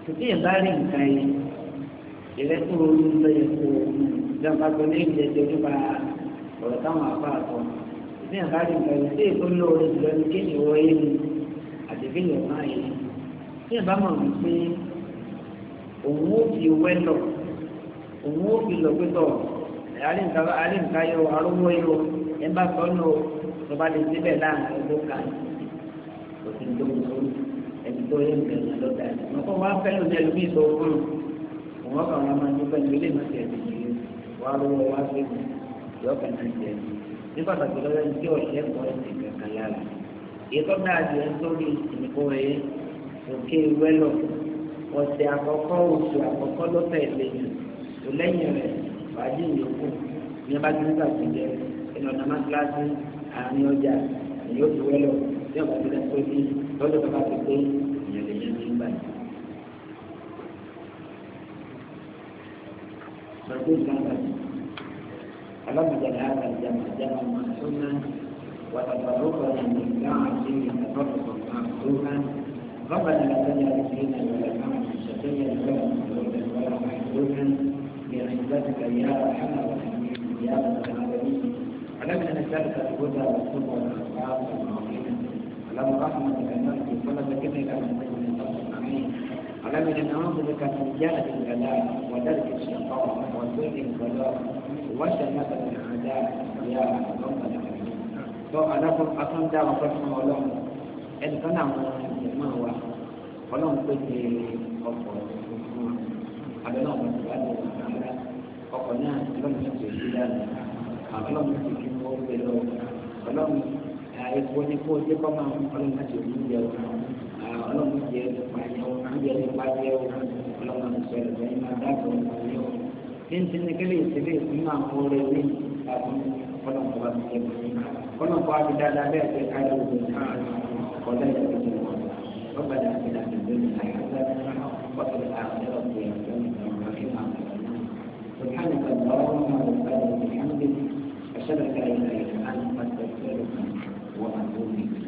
tòkí yẹn bá rí nǹkan yẹn ìrẹ́ tó ronú ń lọ yẹ kó ìjọba tó ní ìjẹ jẹ nípa ọ̀rọ̀ táwọn àpá àtọ̀ tòkí yẹn bá rí nǹkan yẹn tí èkó lọ orí jùlọ ní kéèyàn wọ yé ni àti kéèyàn má yé ni tí yẹn bá mọ̀ wípé òun ó fi wẹ́lọ̀ òun ó fi lọ pé tọ̀ àrí nǹkan yọ arúgbó yọ ẹ bá sọ lò tó bá lè síbẹ̀ láàrin ọdún kan kò sí tó ń tó ẹni tó yẹ nǹkan náà ló dá ẹ̀ ọkọ̀ wá fẹ́ lóde ẹlòmí ìtò fún un òun ọkọ̀ wọn máa ń dúpẹ́ ní ilé ìmọ̀tì ẹ̀dì yìí wá lówó wá fẹ́ẹ̀mù ìyọ́kàn náà ti ẹ̀dì ní pàtàkì lọ́wọ́ ẹni tí ọ̀ṣẹ́ kọ́ ẹ̀sìn kankan lára ètò náà di ẹni tó rí ìnìkó ẹyẹ òkè wẹ́lọ̀ ọ̀sẹ̀ àkọ́kọ́ oṣù àkọ́kọ́ lọ́tẹ̀ lẹ́yìn lẹ́yìn rẹ̀ fàájì ìyókù ní abájú nígbà tó jẹ́ rẹ̀ ẹnu ọ̀nà mọ́sálásí àárín ọjà yóò fi wẹ́lọ̀ tí ọ̀gá ti dẹ́kun sí lọ́dọ̀ tó bá ti pé èèyàn lè yẹn ní gbà. Sọ̀tún ìgbàgbà yìí, alábìjà ni àgbàjà màjà ọmọ àtúnná وتفرقا من بعد تفرقا معصوما ربنا لا تجعل فينا ولا تعمل شقيا ولا مخلوقا ولا محزونا بعزتك يا ارحم الراحمين يا رب ولكن الثالثة الهدى والسبع والأسعار والمعين ولم رحمة الناس ولا كده إلى من تكون الأجمعين ولم ينعم بك من جهة البلاء ودرك الشقاء وزيد البلاء وشمس الأعداء يا رب العالمين. فألاكم أقام دعوة فرحمة ولهم ẹni kan náà wọn ẹni máa wá ọlọ́run pé ṣe ọkọ̀ òfurufú abẹ́lẹ́ ọ̀gbọ̀n ti bá lè wà rárá ọkọ̀ náà lọ́nà tó ṣe dáadáa àbẹ́lẹ́ ọ̀gbọ̀n ti ó bẹ lọ ọlọ́run ẹ̀kọ́ ní kó o jẹ́ kọ́ máa ń ọlọ́run láti òní jẹ o ọlọ́run jẹ ti ń kọ́ شبك إليك أن تستغفرك وأتوب إليك